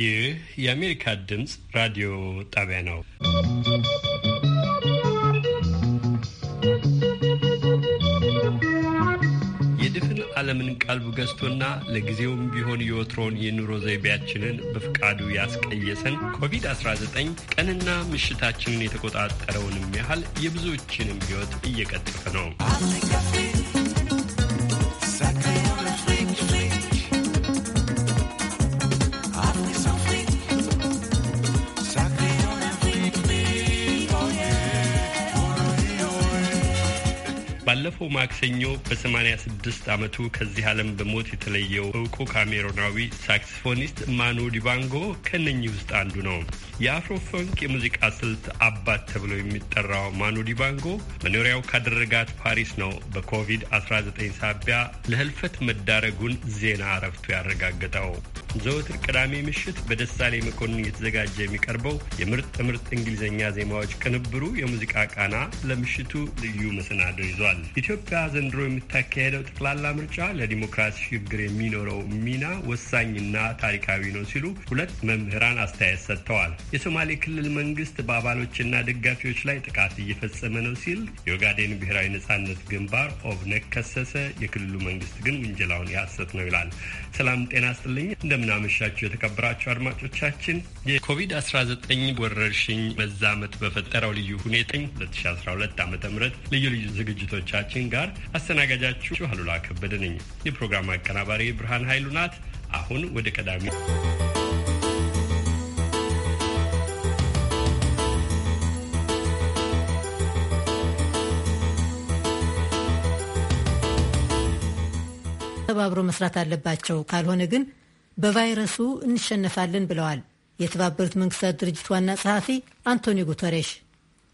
ይህ የአሜሪካ ድምፅ ራዲዮ ጣቢያ ነው። የድፍን ዓለምን ቀልብ ገዝቶና ለጊዜውም ቢሆን የወትሮውን የኑሮ ዘይቤያችንን በፍቃዱ ያስቀየሰን ኮቪድ-19 ቀንና ምሽታችንን የተቆጣጠረውንም ያህል የብዙዎችንም ሕይወት እየቀጠፈ ነው። ባለፈው ማክሰኞ በ86 ዓመቱ ከዚህ ዓለም በሞት የተለየው እውቁ ካሜሮናዊ ሳክስፎኒስት ማኑ ዲባንጎ ከነኚህ ውስጥ አንዱ ነው። የአፍሮ የሙዚቃ ስልት አባት ተብሎ የሚጠራው ማኑ ዲባንጎ መኖሪያው ካደረጋት ፓሪስ ነው በኮቪድ-19 ሳቢያ ለህልፈት መዳረጉን ዜና እረፍቱ ያረጋገጠው። ዘወትር ቅዳሜ ምሽት በደሳሌ መኮንን እየተዘጋጀ የሚቀርበው የምርጥ ምርጥ እንግሊዝኛ ዜማዎች ቅንብሩ የሙዚቃ ቃና ለምሽቱ ልዩ መሰናዶ ይዟል። ኢትዮጵያ ዘንድሮ የምታካሄደው ጠቅላላ ምርጫ ለዲሞክራሲ ሽግግር የሚኖረው ሚና ወሳኝና ታሪካዊ ነው ሲሉ ሁለት መምህራን አስተያየት ሰጥተዋል። የሶማሌ ክልል መንግስት በአባሎችና ደጋፊዎች ላይ ጥቃት እየፈጸመ ነው ሲል የኦጋዴን ብሔራዊ ነጻነት ግንባር ኦብነግ ከሰሰ። የክልሉ መንግስት ግን ውንጀላውን ያሰት ነው ይላል። ሰላም ጤና ስጥልኝ። እንደምናመሻቸው የተከበራቸው አድማጮቻችን የኮቪድ-19 ወረርሽኝ መዛመት በፈጠረው ልዩ ሁኔታ 2012 ዓ ም ልዩ ልዩ ዝግጅቶቻችን ዝግጅታችን ጋር አስተናጋጃችሁ አሉላ ከበደ ነኝ። የፕሮግራም አቀናባሪ ብርሃን ኃይሉ ናት። አሁን ወደ ቀዳሚ ተባብሮ መስራት አለባቸው፣ ካልሆነ ግን በቫይረሱ እንሸነፋለን ብለዋል የተባበሩት መንግስታት ድርጅት ዋና ጸሐፊ አንቶኒዮ ጉተሬሽ።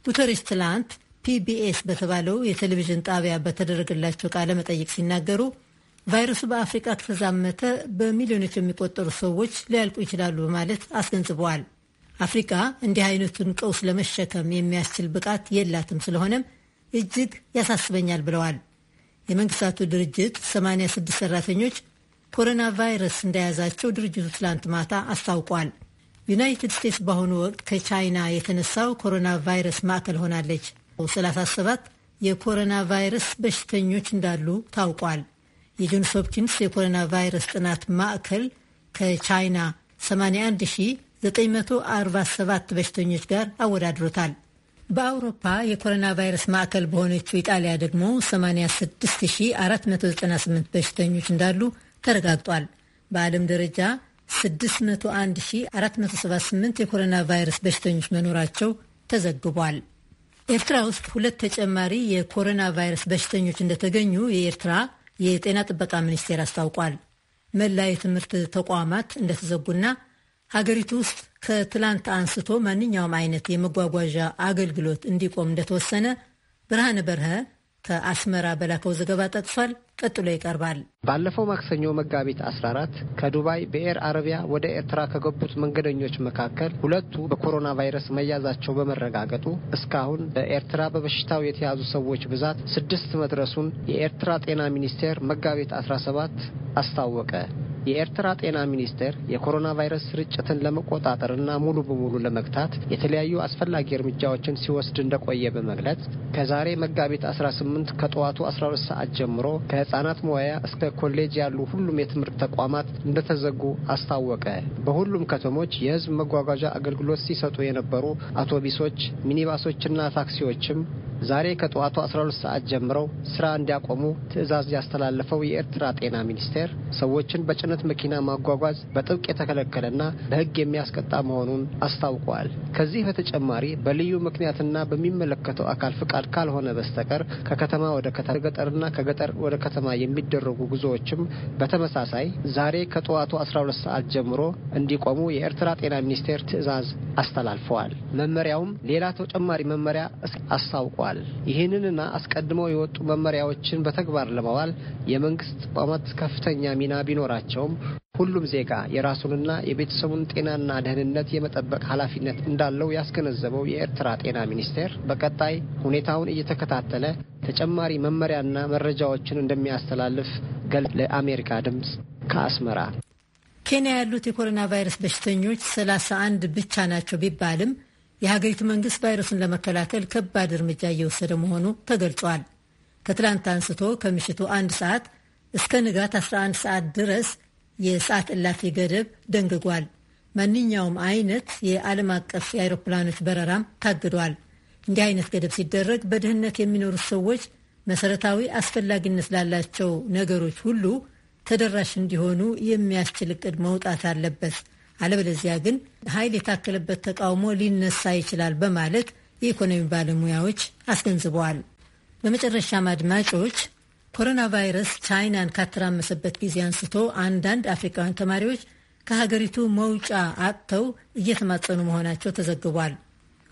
ጉተሬሽ ትላንት ፒቢኤስ በተባለው የቴሌቪዥን ጣቢያ በተደረገላቸው ቃለ መጠይቅ ሲናገሩ ቫይረሱ በአፍሪቃ ከተዛመተ በሚሊዮኖች የሚቆጠሩ ሰዎች ሊያልቁ ይችላሉ በማለት አስገንዝበዋል። አፍሪካ እንዲህ አይነቱን ቀውስ ለመሸከም የሚያስችል ብቃት የላትም፣ ስለሆነም እጅግ ያሳስበኛል ብለዋል። የመንግስታቱ ድርጅት 86 ሰራተኞች ኮሮና ቫይረስ እንደያዛቸው ድርጅቱ ትላንት ማታ አስታውቋል። ዩናይትድ ስቴትስ በአሁኑ ወቅት ከቻይና የተነሳው ኮሮና ቫይረስ ማዕከል ሆናለች። 37 የኮሮና ቫይረስ በሽተኞች እንዳሉ ታውቋል። የጆንስ ሆፕኪንስ የኮሮና ቫይረስ ጥናት ማዕከል ከቻይና 81947 በሽተኞች ጋር አወዳድሮታል። በአውሮፓ የኮሮና ቫይረስ ማዕከል በሆነችው ኢጣሊያ ደግሞ 86498 በሽተኞች እንዳሉ ተረጋግጧል። በዓለም ደረጃ 601478 የኮሮና ቫይረስ በሽተኞች መኖራቸው ተዘግቧል። ኤርትራ ውስጥ ሁለት ተጨማሪ የኮሮና ቫይረስ በሽተኞች እንደተገኙ የኤርትራ የጤና ጥበቃ ሚኒስቴር አስታውቋል። መላ የትምህርት ተቋማት እንደተዘጉና ሀገሪቱ ውስጥ ከትላንት አንስቶ ማንኛውም አይነት የመጓጓዣ አገልግሎት እንዲቆም እንደተወሰነ ብርሃነ በርሀ ከአስመራ በላከው ዘገባ ጠቅሷል። ቀጥሎ ይቀርባል። ባለፈው ማክሰኞ መጋቢት 14 ከዱባይ በኤር አረቢያ ወደ ኤርትራ ከገቡት መንገደኞች መካከል ሁለቱ በኮሮና ቫይረስ መያዛቸው በመረጋገጡ እስካሁን በኤርትራ በበሽታው የተያዙ ሰዎች ብዛት ስድስት መድረሱን የኤርትራ ጤና ሚኒስቴር መጋቢት 17 አስታወቀ። የኤርትራ ጤና ሚኒስቴር የኮሮና ቫይረስ ስርጭትን ለመቆጣጠርና ሙሉ በሙሉ ለመግታት የተለያዩ አስፈላጊ እርምጃዎችን ሲወስድ እንደቆየ በመግለጽ ከዛሬ መጋቢት 18 ከጠዋቱ 12 ሰዓት ጀምሮ ከህጻናት መዋያ እስከ ኮሌጅ ያሉ ሁሉም የትምህርት ተቋማት እንደተዘጉ አስታወቀ። በሁሉም ከተሞች የህዝብ መጓጓዣ አገልግሎት ሲሰጡ የነበሩ አውቶቢሶች፣ ሚኒባሶችና ታክሲዎችም ዛሬ ከጠዋቱ 12 ሰዓት ጀምረው ስራ እንዲያቆሙ ትዕዛዝ ያስተላለፈው የኤርትራ ጤና ሚኒስቴር ሰዎችን በጭነት መኪና ማጓጓዝ በጥብቅ የተከለከለና በሕግ የሚያስቀጣ መሆኑን አስታውቋል። ከዚህ በተጨማሪ በልዩ ምክንያትና በሚመለከተው አካል ፍቃድ ካልሆነ በስተቀር ከከተማ ወደ ገጠርና ከገጠር ወደ ከተማ የሚደረጉ ጉዞዎችም በተመሳሳይ ዛሬ ከጠዋቱ 12 ሰዓት ጀምሮ እንዲቆሙ የኤርትራ ጤና ሚኒስቴር ትዕዛዝ አስተላልፈዋል። መመሪያውም ሌላ ተጨማሪ መመሪያ አስታውቋል። ገልጸዋል። ይህንንና አስቀድመው የወጡ መመሪያዎችን በተግባር ለማዋል የመንግስት ተቋማት ከፍተኛ ሚና ቢኖራቸውም ሁሉም ዜጋ የራሱንና የቤተሰቡን ጤናና ደህንነት የመጠበቅ ኃላፊነት እንዳለው ያስገነዘበው የኤርትራ ጤና ሚኒስቴር በቀጣይ ሁኔታውን እየተከታተለ ተጨማሪ መመሪያና መረጃዎችን እንደሚያስተላልፍ ገል ለአሜሪካ ድምፅ ከአስመራ። ኬንያ ያሉት የኮሮና ቫይረስ በሽተኞች 31 ብቻ ናቸው ቢባልም የሀገሪቱ መንግስት ቫይረሱን ለመከላከል ከባድ እርምጃ እየወሰደ መሆኑ ተገልጿል። ከትላንት አንስቶ ከምሽቱ አንድ ሰዓት እስከ ንጋት 11 ሰዓት ድረስ የሰዓት እላፊ ገደብ ደንግጓል። ማንኛውም አይነት የዓለም አቀፍ የአይሮፕላኖች በረራም ታግዷል። እንዲህ አይነት ገደብ ሲደረግ በድህነት የሚኖሩት ሰዎች መሰረታዊ አስፈላጊነት ላላቸው ነገሮች ሁሉ ተደራሽ እንዲሆኑ የሚያስችል እቅድ መውጣት አለበት አለበለዚያ ግን ኃይል የታከለበት ተቃውሞ ሊነሳ ይችላል በማለት የኢኮኖሚ ባለሙያዎች አስገንዝበዋል። በመጨረሻም አድማጮች ኮሮና ቫይረስ ቻይናን ካተራመሰበት ጊዜ አንስቶ አንዳንድ አፍሪካውያን ተማሪዎች ከሀገሪቱ መውጫ አጥተው እየተማጸኑ መሆናቸው ተዘግቧል።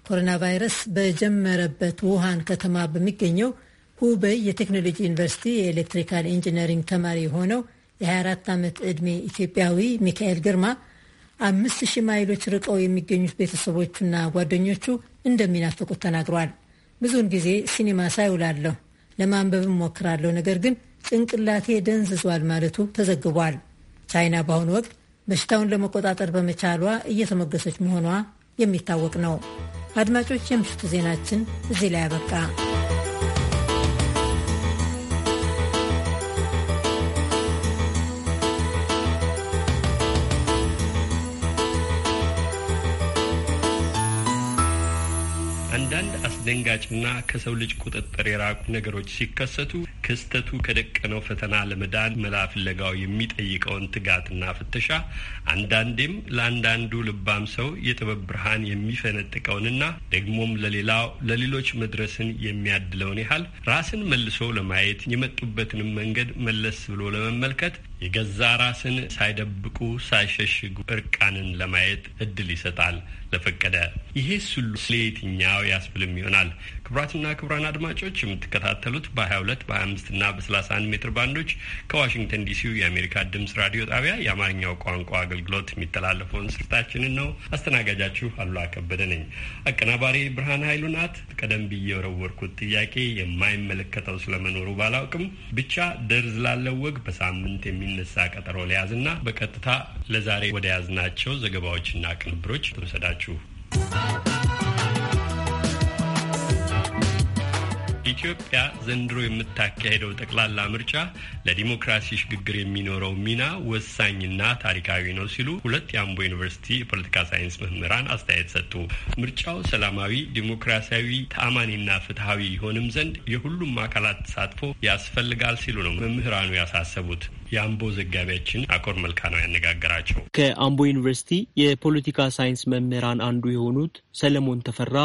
ኮሮና ቫይረስ በጀመረበት ውሃን ከተማ በሚገኘው ሁበይ የቴክኖሎጂ ዩኒቨርሲቲ የኤሌክትሪካል ኢንጂነሪንግ ተማሪ የሆነው የ24 ዓመት ዕድሜ ኢትዮጵያዊ ሚካኤል ግርማ አምስት ሺህ ማይሎች ርቀው የሚገኙት ቤተሰቦቹና ጓደኞቹ እንደሚናፍቁት ተናግሯል። ብዙውን ጊዜ ሲኒማ ሳይውላለሁ ለማንበብም ሞክራለሁ፣ ነገር ግን ጭንቅላቴ ደንዝዟል ማለቱ ተዘግቧል። ቻይና በአሁኑ ወቅት በሽታውን ለመቆጣጠር በመቻሏ እየተሞገሰች መሆኗ የሚታወቅ ነው። አድማጮች፣ የምሽቱ ዜናችን እዚህ ላይ አበቃ። አስደንጋጭና ከሰው ልጅ ቁጥጥር የራቁ ነገሮች ሲከሰቱ ክስተቱ ከደቀነው ፈተና ለመዳን መላ ፍለጋው የሚጠይቀውን ትጋትና ፍተሻ አንዳንዴም ለአንዳንዱ ልባም ሰው የጥበብ ብርሃን የሚፈነጥቀውንና ደግሞም ለሌላው ለሌሎች መድረስን የሚያድለውን ያህል ራስን መልሶ ለማየት የመጡበትንም መንገድ መለስ ብሎ ለመመልከት የገዛ ራስን ሳይደብቁ ሳይሸሽጉ እርቃንን ለማየት እድል ይሰጣል ለፈቀደ። ይሄ ሁሉ ለየትኛው ያስብልም ይሆናል ክቡራትና ክቡራን አድማጮች የምትከታተሉት በ22 በ25 እና በ31 ሜትር ባንዶች ከዋሽንግተን ዲሲው የአሜሪካ ድምጽ ራዲዮ ጣቢያ የአማርኛው ቋንቋ አገልግሎት የሚተላለፈውን ስርታችንን ነው። አስተናጋጃችሁ አሉላ ከበደ ነኝ። አቀናባሪ ብርሃን ኃይሉ ናት። ቀደም ብዬ የወረወርኩት ጥያቄ የማይመለከተው ስለመኖሩ ባላውቅም ብቻ ደርዝ ላለው ወግ በሳምንት የሚነሳ ቀጠሮ ሊያዝና በቀጥታ ለዛሬ ወደ ያዝናቸው ዘገባዎችና ቅንብሮች ተወሰዳችሁ። ኢትዮጵያ ዘንድሮ የምታካሄደው ጠቅላላ ምርጫ ለዲሞክራሲ ሽግግር የሚኖረው ሚና ወሳኝና ታሪካዊ ነው ሲሉ ሁለት የአምቦ ዩኒቨርሲቲ የፖለቲካ ሳይንስ መምህራን አስተያየት ሰጡ። ምርጫው ሰላማዊ፣ ዲሞክራሲያዊ፣ ተአማኒና ፍትሐዊ ይሆንም ዘንድ የሁሉም አካላት ተሳትፎ ያስፈልጋል ሲሉ ነው መምህራኑ ያሳሰቡት። የአምቦ ዘጋቢያችን አኮር መልካ ነው ያነጋገራቸው። ከአምቦ ዩኒቨርሲቲ የፖለቲካ ሳይንስ መምህራን አንዱ የሆኑት ሰለሞን ተፈራ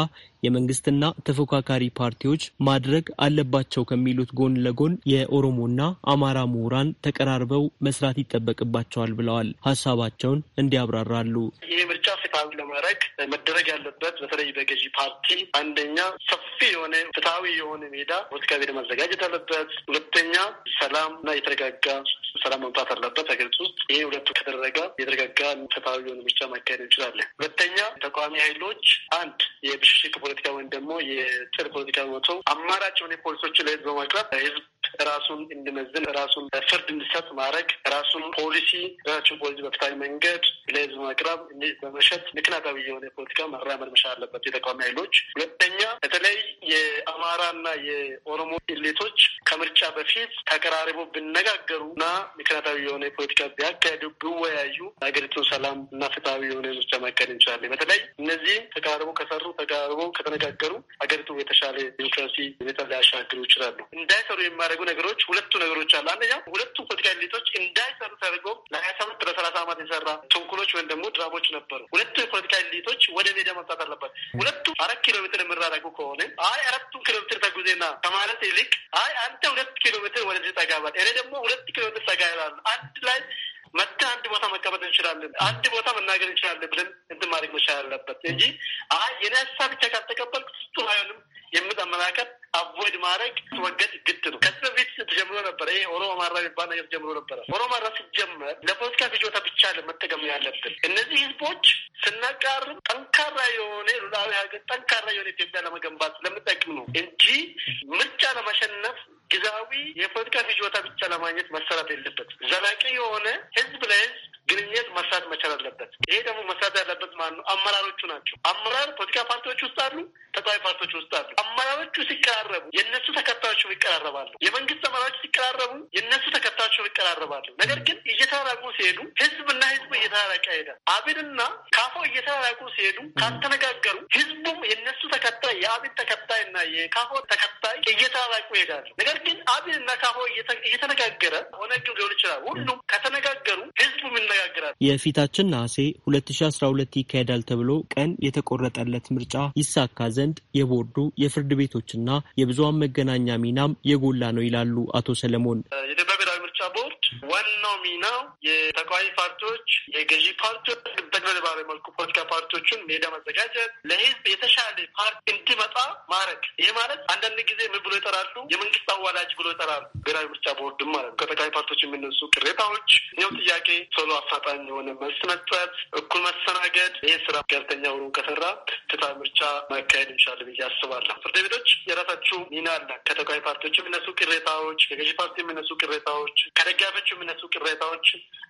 የመንግስትና ተፎካካሪ ፓርቲዎች ማድረግ አለባቸው ከሚሉት ጎን ለጎን የኦሮሞና አማራ ምሁራን ተቀራርበው መስራት ይጠበቅባቸዋል ብለዋል። ሀሳባቸውን እንዲያብራራሉ። ይህ ምርጫ ፍትሐዊ ለማድረግ መደረግ ያለበት በተለይ በገዢ ፓርቲ አንደኛ ሰፊ የሆነ ፍትሐዊ የሆነ ሜዳ ፖለቲካ ቤት ማዘጋጀት አለበት። ሁለተኛ ሰላም እና የተረጋጋ ሰላም መምጣት አለበት ሀገሪቱ ውስጥ። ይህ ሁለቱ ከተደረገ የተረጋጋ ፍትሐዊ የሆነ ምርጫ ማካሄድ እንችላለን። ሁለተኛ ተቃዋሚ ኃይሎች አንድ የብሽሽቅ ፖለቲካ ወይም ደግሞ የጥር ፖለቲካ መቶ አማራጭ የሆነ ፖሊሶችን ለህዝብ በማቅረብ ህዝብ ራሱን እንድመዝን ራሱን ፍርድ እንዲሰጥ ማድረግ ራሱን ፖሊሲ ራሱን ፖሊሲ በፍትሐዊ መንገድ ለህዝብ ማቅረብ በመሸጥ ምክንያታዊ የሆነ ፖለቲካ መራመድ መቻል አለበት የተቃዋሚ ኃይሎች። ሁለተኛ በተለይ የአማራና የኦሮሞ ኢሊቶች ከምርጫ በፊት ተቀራርቦ ቢነጋገሩ እና ምክንያታዊ የሆነ ፖለቲካ ቢያካሄዱ ቢወያዩ ሀገሪቱን ሰላም እና ፍትሐዊ የሆነ ህዝቦች ማካሄድ እንችላለን። በተለይ እነዚህ ተቀራርቦ ከሰሩ ተቀራርቦ ከተነጋገሩ ሀገሪቱ የተሻለ ዲሞክራሲ ሁኔታ ሊያሻግሩ ይችላሉ። እንዳይሰሩ የሚያደርጉ ነገሮች ሁለቱ ነገሮች አሉ። አንደኛው ሁለቱ ፖለቲካ ኤሊቶች እንዳይሰሩ ተደርጎ ለሀያ ሰምንት ለሰላሳ አመት የሰራ ትንኩሎች ወይም ደግሞ ድራሞች ነበሩ። ሁለቱ የፖለቲካ ኤሊቶች ወደ ሜዳ መምጣት አለበት። ሁለቱ አራት ኪሎ ሜትር የምራረጉ ከሆነ አይ አራቱን ኪሎ ሜትር ተጉዜና ከማለት ይልቅ አይ አንተ ሁለት ኪሎ ሜትር ወደዚህ ጠጋባል፣ እኔ ደግሞ ሁለት ኪሎ ሜትር ጠጋ ይላሉ አንድ ላይ መተ አንድ ቦታ መቀመጥ እንችላለን፣ አንድ ቦታ መናገር እንችላለን ብለን እንትን ማድረግ መቻል አለበት እንጂ የኔ ሀሳብ ብቻ ካልተቀበልክ ፍጹም አይሆንም የምት አመላከት አቮይድ ማድረግ መገድ ግድ ነው። ከዚህ በፊት ተጀምሮ ነበረ። ይሄ ኦሮሞ አማራ የሚባል ነገር ጀምሮ ነበረ። ኦሮሞ አማራ ሲጀመር ለፖለቲካ ፍጆታ ብቻ ለመጠቀም ያለብን እነዚህ ህዝቦች ስናቃርም ጠንካራ የሆነ ሉላዊ ሀገር፣ ጠንካራ የሆነ ኢትዮጵያ ለመገንባት ለምጠቅም ነው እንጂ ምርጫ ለማሸነፍ ጊዜያዊ የፖለቲካ ፍጆታ ብቻ ለማግኘት መሰራት የለበት። ዘላቂ የሆነ ህዝብ ለህዝብ ግንኙነት መስራት መቻል አለበት። ይሄ ደግሞ መስራት ያለበት ማን ነው? አመራሮቹ ናቸው። አመራር ፖለቲካ ፓርቲዎች ውስጥ አሉ፣ ተቃዋሚ ፓርቲዎች ውስጥ አሉ። አመራሮቹ ሲከ ሲቀራረቡ የእነሱ ተከታዮች ይቀራረባሉ። የመንግስት ተመራዎች ሲቀራረቡ የእነሱ ተከታዮች ይቀራረባሉ። ነገር ግን እየተራራቁ ሲሄዱ ህዝብና ህዝብ እየተራራቀ ይሄዳል። አብንና ካፎ እየተራራቁ ሲሄዱ ካልተነጋገሩ ህዝቡም የእነሱ ተከታይ የአብን ተከታይ እና የካፎ ተከታይ እየተራራቁ ይሄዳሉ። ነገር ግን አብንና ካፎ እየተነጋገረ ኦነግም ሊሆን ይችላል። ሁሉም ከተነጋገሩ ህዝቡም ይነጋገራል። የፊታችን ነሐሴ ሁለት ሺ አስራ ሁለት ይካሄዳል ተብሎ ቀን የተቆረጠለት ምርጫ ይሳካ ዘንድ የቦርዱ የፍርድ ቤቶችና የብዙሃን መገናኛ ሚናም የጎላ ነው ይላሉ አቶ ሰለሞን። የኢትዮጵያ ብሔራዊ ምርጫ ቦርድ ዋናው ሚናው የተቃዋሚ ፓርቲዎች፣ የገዢ ፓርቲዎች ጠቅለል ባለ መልኩ ፖለቲካ ፓርቲዎቹን ሜዳ መዘጋጀት፣ ለህዝብ የተሻለ ፓርቲ እንዲመጣ ማድረግ። ይህ ማለት አንዳንድ ጊዜ ምን ብሎ ይጠራሉ? የመንግስት አዋላጅ ብሎ ይጠራሉ። ብሔራዊ ምርጫ ቦርድ ማለት ነው። ከተቃዋሚ ፓርቲዎች የሚነሱ ቅሬታዎች፣ ይኸው ጥያቄ ቶሎ አፋጣኝ የሆነ መልስ መስጠት፣ እኩል መሰናገድ። ይህ ስራ ገለልተኛ ሆኖ ከሰራ ፍትሃዊ ምርጫ መካሄድ እንችላለን ብዬ አስባለሁ። ፍርድ ቤቶች የራሳ የነበራችሁ ሚና አለ። ከተቃዋሚ ፓርቲዎች የሚነሱ ቅሬታዎች፣ ከገዢ ፓርቲ የሚነሱ ቅሬታዎች፣ ከደጋፊዎች የሚነሱ ቅሬታዎች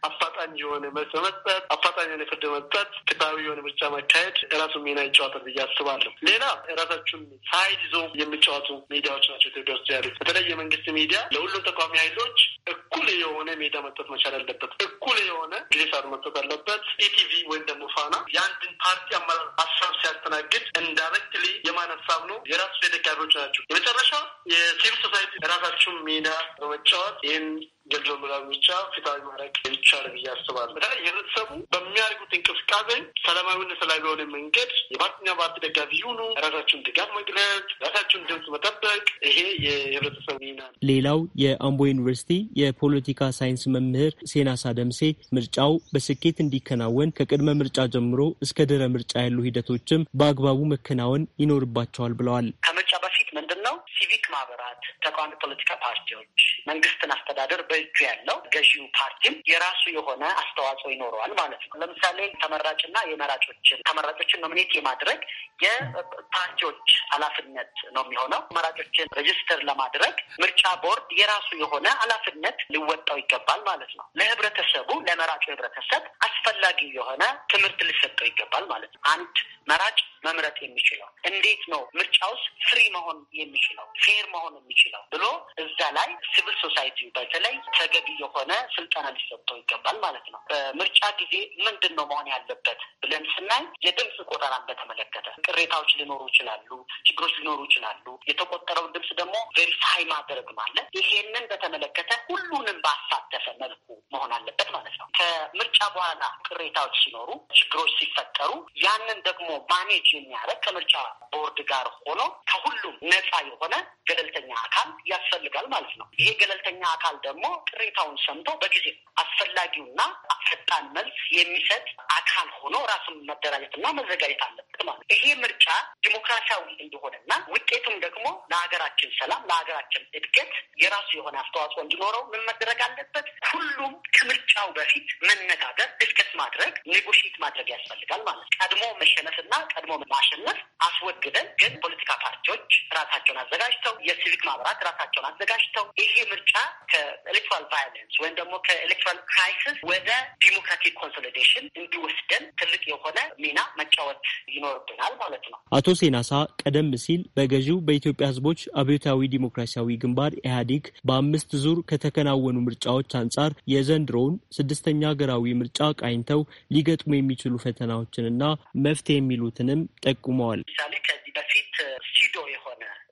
አፋጣኝ የሆነ መልስ በመስጠት አፋጣኝ የሆነ ፍርድ በመስጠት ፍትሐዊ የሆነ ምርጫ ማካሄድ የራሱ ሚና ይጫወታል ብዬ አስባለሁ። ሌላ የራሳችሁን ሳይድ ይዞ የሚጫወቱ ሚዲያዎች ናቸው ኢትዮጵያ ውስጥ ያሉት። በተለይ የመንግስት ሚዲያ ለሁሉም ተቃዋሚ ኃይሎች እኩል የሆነ ሜዳ መስጠት መቻል አለበት። እኩል የሆነ ጊዜ ሰዓት መስጠት አለበት። ኢቲቪ ወይም ደግሞ ፋና የአንድን ፓርቲ አመራር ሀሳብ ሲያስተናግድ እንዳረክትሊ የማን ሀሳብ ነው የራሱ ደጋፊዎች ናቸው የመጨረሻ የሲቪል ሶሳይቲ የራሳችሁን ሚና በመጫወት ይህን ጀልጆ ምላል ብቻ ፊታዊ ማድረግ ይቻል ብዬ አስባለሁ። በተለይ ህብረተሰቡ በሚያደርጉት እንቅስቃሴ ሰላማዊነት ላይ በሆነ መንገድ የፓርቲና ፓርቲ ደጋፊ ይሁኑ፣ ራሳቸውን ድጋፍ መግለጽ፣ ራሳቸውን ድምፅ መጠበቅ፣ ይሄ የህብረተሰቡ ሚና ሌላው የአምቦ ዩኒቨርሲቲ የፖለቲካ ሳይንስ መምህር ሴናሳ ደምሴ ምርጫው በስኬት እንዲከናወን ከቅድመ ምርጫ ጀምሮ እስከ ድረ ምርጫ ያሉ ሂደቶችም በአግባቡ መከናወን ይኖርባቸዋል ብለዋል። ከምርጫ በፊት ምንድን ነው ሲቪክ ማህበራት፣ ተቃዋሚ ፖለቲካ ፓርቲዎች መንግስትን አስተዳደር በእጁ ያለው ገዢው ፓርቲም የራሱ የሆነ አስተዋጽኦ ይኖረዋል ማለት ነው። ለምሳሌ ተመራጭና የመራጮችን ተመራጮችን ኖሚኔት የማድረግ የፓርቲዎች ኃላፊነት ነው የሚሆነው። መራጮችን ሬጅስተር ለማድረግ ምርጫ ቦርድ የራሱ የሆነ ኃላፊነት ሊወጣው ይገባል ማለት ነው። ለህብረተሰቡ ለመራጩ ህብረተሰብ አስፈላጊ የሆነ ትምህርት ሊሰጠው ይገባል ማለት ነው። አንድ መራጭ መምረጥ የሚችለው እንዴት ነው ምርጫ ውስጥ ፍሪ መሆን የሚችለው ፌር መሆን የሚችለው ብሎ እዛ ላይ ሲቪል ሶሳይቲ በተለይ ተገቢ የሆነ ስልጠና ሊሰጠው ይገባል ማለት ነው። በምርጫ ጊዜ ምንድን ነው መሆን ያለበት ብለን ስናይ የድምፅ ቆጠራን በተመለከተ ቅሬታዎች ሊኖሩ ይችላሉ፣ ችግሮች ሊኖሩ ይችላሉ። የተቆጠረውን ድምፅ ደግሞ ቬሪፋይ ማድረግ ማለት ይሄንን በተመለከተ ሁሉንም ባሳተፈ መልኩ መሆን አለበት ማለት ነው። ከምርጫ በኋላ ቅሬታዎች ሲኖሩ፣ ችግሮች ሲፈጠሩ ያንን ደግሞ ማኔጅ የሚያደርግ ከምርጫ ቦርድ ጋር ሆኖ ከሁሉም ነፃ የሆነ ገለልተኛ አካል ያስፈልጋል ማለት ነው። ይሄ ገለልተኛ አካል ደግሞ ቅሬታውን ሰምቶ በጊዜ አስፈላጊውና ፈጣን መልስ የሚሰጥ አካል ሆኖ ራሱን መደራጀትና መዘጋጀት አለበት ማለት ነው። ይሄ ምርጫ ዲሞክራሲያዊ እንደሆነና ውጤቱም ደግሞ ለሀገራችን ሰላም ለሀገራችን እድገት የራሱ የሆነ አስተዋጽኦ እንዲኖረው ምን መደረግ አለበት? ሁሉም ከምርጫው በፊት መነጋገር፣ ዲስከስ ማድረግ፣ ኔጎሽት ማድረግ ያስፈልጋል ማለት ነው። ቀድሞ መሸነፍና ቀድሞ ማሸነፍ አስወግደን ግን ፖለቲካ ፓርቲዎች ራሳቸውን አዘጋጅተው፣ የሲቪክ ማህበራት ራሳቸውን አዘጋጅተው ይሄ ምርጫ ከኤሌክትራል ቫዮለንስ ወይም ደግሞ ከኤሌክትራል ክራይሲስ ወደ ዲሞክራቲክ ኮንሶሊዴሽን እንዲወስደን ትልቅ የሆነ ሚና መጫወት ይኖርብናል ማለት ነው። አቶ ሴናሳ ቀደም ሲል በገዢው በኢትዮጵያ ህዝቦች አብዮታዊ ዲሞክራሲያዊ ግንባር ኢህአዴግ በአምስት ዙር ከተከናወኑ ምርጫዎች አንጻር የዘንድሮውን ስድስተኛ ሀገራዊ ምርጫ ቃኝተው ሊገጥሙ የሚችሉ ፈተናዎችንና መፍትሄ የሚሉትንም ጠቁመዋል። ለምሳሌ ከዚህ በፊት ሲዶ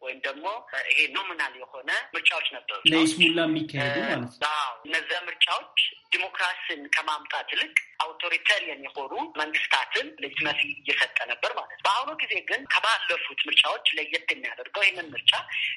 ወይም ደግሞ ይሄ ኖሚናል የሆነ ምርጫዎች ነበሩ ለይስሙላ የሚካሄዱ ማለት ነው። እነዚያ ምርጫዎች ዲሞክራሲን ከማምጣት ይልቅ አውቶሪታሪያን የሆኑ መንግስታትን ልጅመሲ እየሰጠ ነበር ማለት ነው። በአሁኑ ጊዜ ግን ከባለፉት ምርጫዎች ለየት የሚያደርገው ይህንን ምርጫ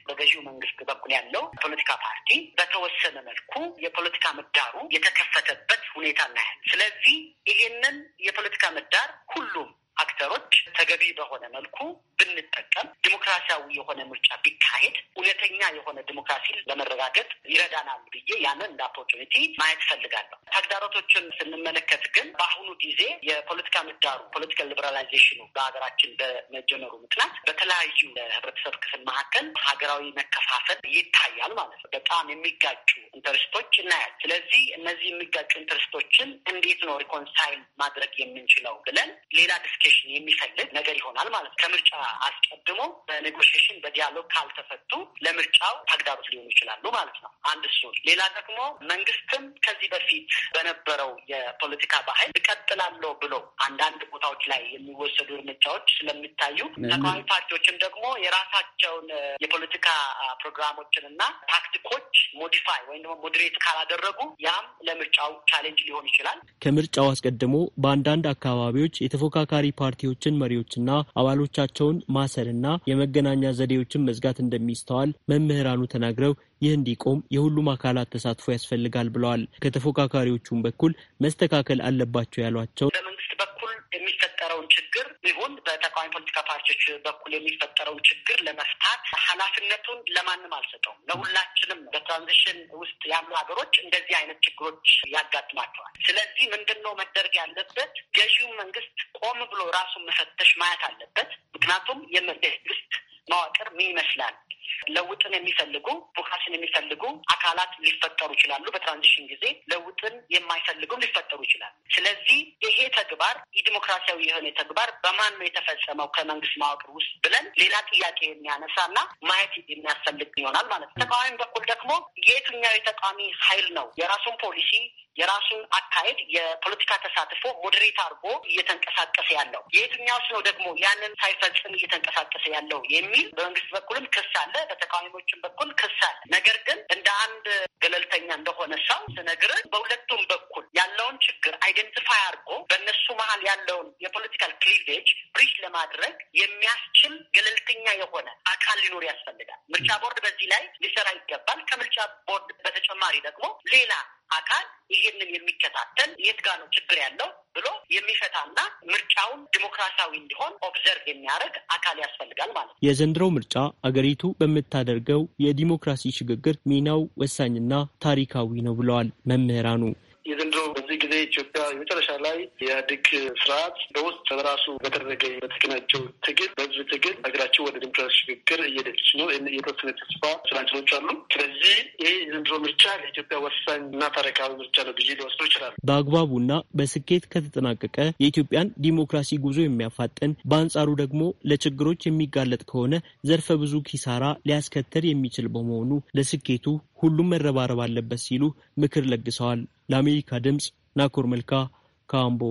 በገዢው መንግስት በኩል ያለው ፖለቲካ ፓርቲ በተወሰነ መልኩ የፖለቲካ ምህዳሩ የተከፈተበት ሁኔታ እናያል። ስለዚህ ይህንን የፖለቲካ ምህዳር ሁሉም አክተሮች ተገቢ በሆነ መልኩ ብንጠቀም ዲሞክራሲያዊ የሆነ ምርጫ ቢካሄድ እውነተኛ የሆነ ዲሞክራሲን ለመረጋገጥ ይረዳናል ብዬ ያንን እንደ ኦፖርቹኒቲ ማየት ፈልጋለሁ። ተግዳሮቶችን ስንመለከት ግን በአሁኑ ጊዜ የፖለቲካ ምህዳሩ ፖለቲካል ሊበራላይዜሽኑ በሀገራችን በመጀመሩ ምክንያት በተለያዩ ለህብረተሰብ ክፍል መካከል ሀገራዊ መከፋፈል ይታያል ማለት ነው። በጣም የሚጋጩ ኢንተርስቶች እናያል። ስለዚህ እነዚህ የሚጋጩ ኢንተርስቶችን እንዴት ነው ሪኮንሳይል ማድረግ የምንችለው ብለን ሌላ ዲስኬ ኔጎሽሽን የሚፈልግ ነገር ይሆናል ማለት ነው። ከምርጫ አስቀድሞ በኔጎሽሽን በዲያሎግ ካልተፈቱ ለምርጫው ተግዳሮት ሊሆኑ ይችላሉ ማለት ነው። አንድ እሱ። ሌላ ደግሞ መንግስትም ከዚህ በፊት በነበረው የፖለቲካ ባህል እቀጥላለሁ ብሎ አንዳንድ ቦታዎች ላይ የሚወሰዱ እርምጃዎች ስለሚታዩ ተቃዋሚ ፓርቲዎችም ደግሞ የራሳቸውን የፖለቲካ ፕሮግራሞችን እና ታክቲኮች ሞዲፋይ ወይም ደግሞ ሞዴሬት ካላደረጉ ያም ለምርጫው ቻሌንጅ ሊሆን ይችላል። ከምርጫው አስቀድሞ በአንዳንድ አካባቢዎች የተፎካካሪ ፓርቲዎችን መሪዎችና አባሎቻቸውን ማሰርና የመገናኛ ዘዴዎችን መዝጋት እንደሚስተዋል መምህራኑ ተናግረው ይህ እንዲቆም የሁሉም አካላት ተሳትፎ ያስፈልጋል ብለዋል። ከተፎካካሪዎቹም በኩል መስተካከል አለባቸው ያሏቸው የሚፈጠረውን ችግር ይሁን በተቃዋሚ ፖለቲካ ፓርቲዎች በኩል የሚፈጠረውን ችግር ለመፍታት ኃላፊነቱን ለማንም አልሰጠውም። ለሁላችንም በትራንዚሽን ውስጥ ያሉ ሀገሮች እንደዚህ አይነት ችግሮች ያጋጥማቸዋል። ስለዚህ ምንድን ነው መደረግ ያለበት? ገዢው መንግስት ቆም ብሎ ራሱን መፈተሽ ማየት አለበት። ምክንያቱም የመንግስት መዋቅር ምን ይመስላል? ለውጥን የሚፈልጉ ቡካስን የሚፈልጉ አካላት ሊፈጠሩ ይችላሉ። በትራንዚሽን ጊዜ ለውጥን የማይፈልጉም ሊፈጠሩ ይችላሉ። ስለዚህ ይሄ ተግባር የዲሞክራሲያዊ የሆነ ተግባር በማን ነው የተፈጸመው ከመንግስት መዋቅር ውስጥ ብለን ሌላ ጥያቄ የሚያነሳና ማየት የሚያስፈልግ ይሆናል ማለት ነው። ተቃዋሚ በኩል ደግሞ የትኛው የተቃዋሚ ኃይል ነው የራሱን ፖሊሲ የራሱን አካሄድ የፖለቲካ ተሳትፎ ሞዴሬት አድርጎ እየተንቀሳቀሰ ያለው የትኛውስ ነው ደግሞ ያንን ሳይፈጽም እየተንቀሳቀሰ ያለው የሚ የሚል በመንግስት በኩልም ክስ አለ፣ በተቃዋሚዎችም በኩል ክስ አለ። ነገር ግን እንደ አንድ ገለልተኛ እንደሆነ ሰው ስነግርህ በሁለቱም በኩል ያለውን ችግር አይደንቲፋይ አድርጎ በእነሱ መሀል ያለውን የፖለቲካል ክሊቬጅ ብሪጅ ለማድረግ የሚያስችል ገለልተኛ የሆነ አካል ሊኖር ያስፈልጋል። ምርጫ ቦርድ በዚህ ላይ ሊሰራ ይገባል። ከምርጫ ቦርድ በተጨማሪ ደግሞ ሌላ አካል ይህንን የሚከታተል የት ጋ ነው ችግር ያለው ብሎ የሚፈታና ምርጫውን ዲሞክራሲያዊ እንዲሆን ኦብዘርቭ የሚያደርግ አካል ያስፈልጋል ማለት ነው። የዘንድሮው ምርጫ አገሪቱ በምታደርገው የዲሞክራሲ ሽግግር ሚናው ወሳኝና ታሪካዊ ነው ብለዋል መምህራኑ። የዘንድሮ በዚህ ጊዜ ኢትዮጵያ የመጨረሻ ላይ የኢህአዴግ ስርዓት በውስጥ በራሱ በተደረገ በተቀናጀው ትግል በህዝብ ትግል ሀገራችን ወደ ዲሞክራሲ ሽግግር እየደች ነው። የተወሰነ ተስፋ ጭላንጭሎች አሉ። ስለዚህ ይህ የዘንድሮ ምርጫ ለኢትዮጵያ ወሳኝ እና ታሪካዊ ምርጫ ነው ብዬ ሊወስዶ ይችላል። በአግባቡና በስኬት ከተጠናቀቀ የኢትዮጵያን ዲሞክራሲ ጉዞ የሚያፋጥን በአንጻሩ ደግሞ ለችግሮች የሚጋለጥ ከሆነ ዘርፈ ብዙ ኪሳራ ሊያስከትል የሚችል በመሆኑ ለስኬቱ ሁሉም መረባረብ አለበት ሲሉ ምክር ለግሰዋል። ለአሜሪካ ድምፅ ናኮር መልካ ካምቦ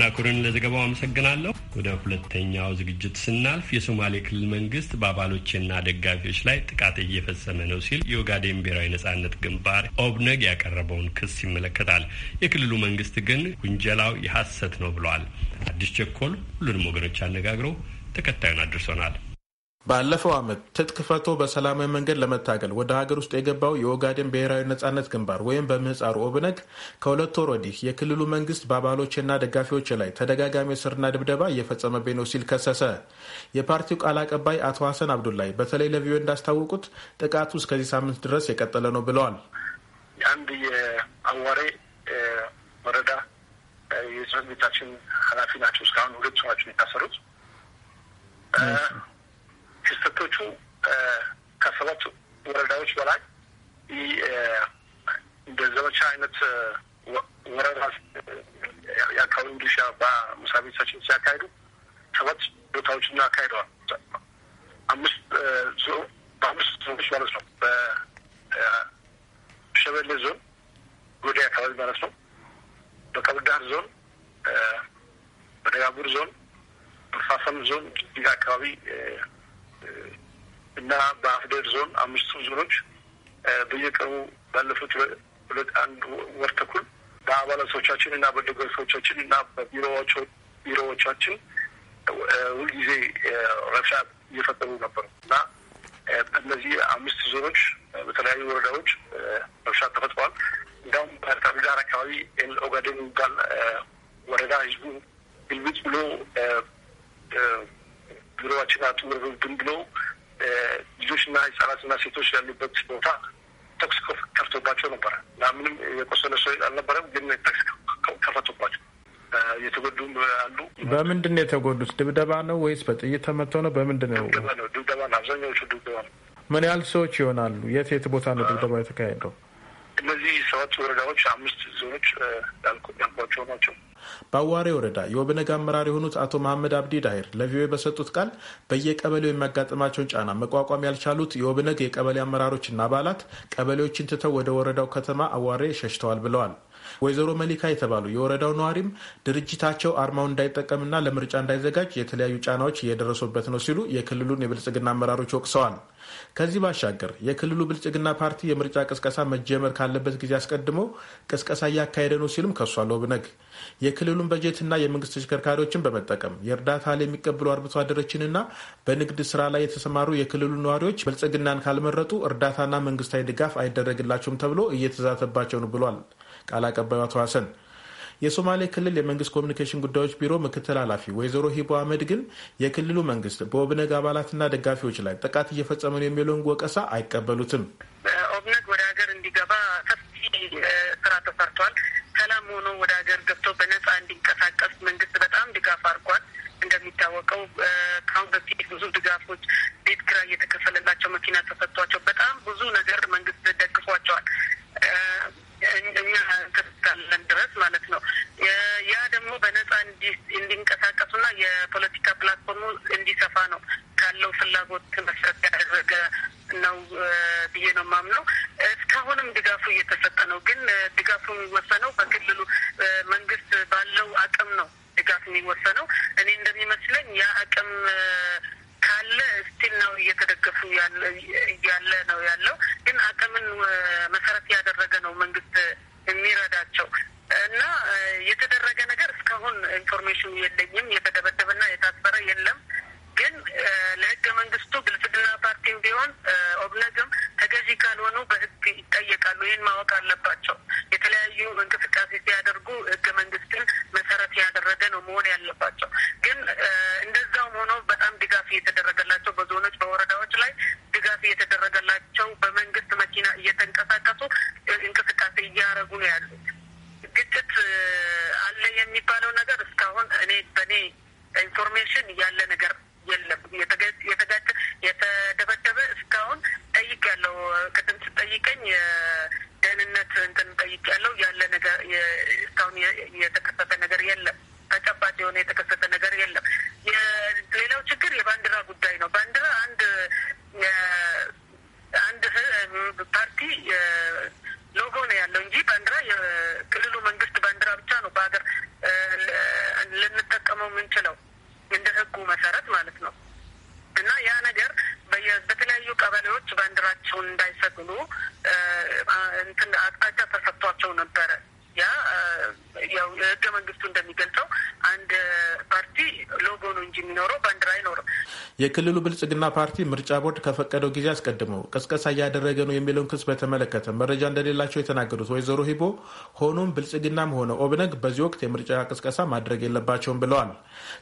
ናኩርን ለዘገባው አመሰግናለሁ። ወደ ሁለተኛው ዝግጅት ስናልፍ የሶማሌ ክልል መንግስት በአባሎችና ደጋፊዎች ላይ ጥቃት እየፈጸመ ነው ሲል የኦጋዴን ብሔራዊ ነጻነት ግንባር ኦብነግ ያቀረበውን ክስ ይመለከታል። የክልሉ መንግስት ግን ውንጀላው የሐሰት ነው ብለዋል። አዲስ ቸኮል ሁሉንም ወገኖች አነጋግረው ተከታዩን አድርሶናል። ባለፈው ዓመት ትጥቅ ፈቶ በሰላማዊ መንገድ ለመታገል ወደ ሀገር ውስጥ የገባው የኦጋዴን ብሔራዊ ነጻነት ግንባር ወይም በምህፃሩ ኦብነግ ከሁለት ወር ወዲህ የክልሉ መንግስት በአባሎችና ደጋፊዎች ላይ ተደጋጋሚ እስርና ድብደባ እየፈጸመብኝ ነው ሲል ከሰሰ። የፓርቲው ቃል አቀባይ አቶ ሀሰን አብዱላይ በተለይ ለቪዮ እንዳስታወቁት ጥቃቱ እስከዚህ ሳምንት ድረስ የቀጠለ ነው ብለዋል። አንድ የአዋሬ ወረዳ የጽህፈት ቤታችን ኃላፊ ናቸው። እስካሁን ሁለት ሰዎች የታሰሩት ክስተቶቹ ከሰባት ወረዳዎች በላይ እንደ ዘመቻ አይነት ወረዳ የአካባቢ ድርሻ በምሳ ቤታችን ሲያካሂዱ ሰባት ና አካሂደዋል። አምስት በአምስት ዞኖች ማለት ነው። በሸበሌ ዞን ጎዴ አካባቢ ማለት ነው። በቀብዳር ዞን፣ በደጋቡር ዞን፣ በፋፈም ዞን ጅጅጋ አካባቢ እና በአፍደር ዞን አምስቱ ዞኖች በየቀኑ ባለፉት ሁለት አንድ ወር ተኩል በአባላቶቻችን እና በደጋፊዎቻችን እና ቢሮዎቻችን ሁልጊዜ ረብሻ እየፈጠሩ ነበሩ እና በእነዚህ አምስት ዞኖች በተለያዩ ወረዳዎች ረብሻ ተፈጥሯል። እንዲሁም ባህርዳር ዳር አካባቢ ኦጋዴን የሚባል ወረዳ ህዝቡ ግልብጥ ብሎ ቢሮዋችን አትወረዱብን ብሎ ልጆችና ህጻናትና ሴቶች ያሉበት ቦታ ተኩስ ከፍቶባቸው ነበረ እና ምንም የቆሰለ ሰው አልነበረም፣ ግን ተኩስ ከፈቶባቸው የተጎዱም አሉ። በምንድን ነው የተጎዱት? ድብደባ ነው ወይስ በጥይት ተመቶ ነው? በምንድን ነው? ድብደባ ነው። ድብደባ ነው። አብዛኛዎቹ ድብደባ ነው። ምን ያህል ሰዎች ይሆናሉ? የት የት ቦታ ነው ድብደባ የተካሄደው? እነዚህ ሰባት ወረዳዎች፣ አምስት ዞኖች ያልኳቸው ናቸው። በአዋሬ ወረዳ የወብነግ አመራር የሆኑት አቶ መሐመድ አብዲ ዳሄር ለቪኦኤ በሰጡት ቃል በየቀበሌው የሚያጋጥማቸውን ጫና መቋቋም ያልቻሉት የወብነግ የቀበሌ አመራሮችና አባላት ቀበሌዎችን ትተው ወደ ወረዳው ከተማ አዋሬ ሸሽተዋል ብለዋል። ወይዘሮ መሊካ የተባሉ የወረዳው ነዋሪም ድርጅታቸው አርማው እንዳይጠቀምና ለምርጫ እንዳይዘጋጅ የተለያዩ ጫናዎች እየደረሱበት ነው ሲሉ የክልሉን የብልጽግና አመራሮች ወቅሰዋል። ከዚህ ባሻገር የክልሉ ብልጽግና ፓርቲ የምርጫ ቅስቀሳ መጀመር ካለበት ጊዜ አስቀድሞ ቅስቀሳ እያካሄደ ነው ሲሉም ከሷል። ኦብነግ የክልሉን በጀትና የመንግስት ተሽከርካሪዎችን በመጠቀም የእርዳታ ላይ የሚቀብሉ አርብቶ አደሮችንና በንግድ ስራ ላይ የተሰማሩ የክልሉ ነዋሪዎች ብልጽግናን ካልመረጡ እርዳታና መንግስታዊ ድጋፍ አይደረግላቸውም ተብሎ እየተዛተባቸው ነው ብሏል። ቃል አቀባዩ አቶ ሀሰን የሶማሌ ክልል የመንግስት ኮሚኒኬሽን ጉዳዮች ቢሮ ምክትል ኃላፊ ወይዘሮ ሂቦ አህመድ ግን የክልሉ መንግስት በኦብነግ አባላትና ደጋፊዎች ላይ ጥቃት እየፈጸመ ነው የሚለውን ወቀሳ አይቀበሉትም። ኦብነግ ወደ ሀገር እንዲገባ ሰፊ ስራ ተሰርቷል። ሰላም ሆኖ ወደ ሀገር ገብቶ በነጻ እንዲንቀሳቀስ መንግስት በጣም ድጋፍ አድርጓል። እንደሚታወቀው ከአሁን በፊት ብዙ ድጋፎች፣ ቤት ኪራይ እየተከፈለላቸው፣ መኪና ተሰጥቷቸው በጣም ብዙ ነገር መንግስት ደግፏቸዋል። እኛ እስካለን ድረስ ማለት ነው። ያ ደግሞ በነጻ እንዲንቀሳቀሱና የፖለቲካ ፕላትፎርሙ እንዲሰፋ ነው ካለው ፍላጎት መሰረት ያደረገ ነው ብዬ ነው የማምነው። እስካሁንም ድጋፉ እየተሰጠ ነው፣ ግን ድጋፉ የሚወሰነው በክልሉ መንግስት ባለው አቅም ነው ድጋፍ የሚወሰነው። እኔ እንደሚመስለኝ ያ አቅም ካለ ስቲል ነው እየተደገፉ እያለ ነው ያለው። ግን አቅምን መሰረት ያደረገ ነው መንግስት የሚረዳቸው እና የተደረገ ነገር እስካሁን ኢንፎርሜሽን የለኝም። የተደበደበና የታሰረ የለም። ግን ለህገ መንግስቱ ብልጽግና ፓርቲም ቢሆን ኦብነግም ተገዢ ካልሆኑ በህግ ይጠየቃሉ። ይህን ማወቅ አለባቸው። የተለያዩ እንቅስቃሴ ሲያደርጉ ህገ መንግስትን መሰረት ያደረገ ነው መሆን ያለባቸው። ግን እንደዛውም ሆኖ በጣም ድጋፍ እየተደረገላቸው በዞኖች በወረዳዎች ላይ ድጋፍ እየተደረገላቸው በመንግስት መኪና እየተንቀሳቀሱ እንቅስቃሴ እያደረጉ ነው ያሉት። ግጭት አለ የሚባለው ነገር እስካሁን እኔ በእኔ ኢንፎርሜሽን ያለ ነገር የለም። የተጋጨ የተደበደበ እስካሁን ጠይቅ ያለው ቅድም ስጠይቀኝ የደህንነት እንትን ጠይቅ ያለው ያለ ነገር እስካሁን የተከፈተ ነገር የለም። የክልሉ ብልጽግና ፓርቲ ምርጫ ቦርድ ከፈቀደው ጊዜ አስቀድመው ቅስቀሳ እያደረገ ነው የሚለውን ክስ በተመለከተ መረጃ እንደሌላቸው የተናገሩት ወይዘሮ ሂቦ ሆኖም ብልጽግናም ሆነ ኦብነግ በዚህ ወቅት የምርጫ ቅስቀሳ ማድረግ የለባቸውም ብለዋል።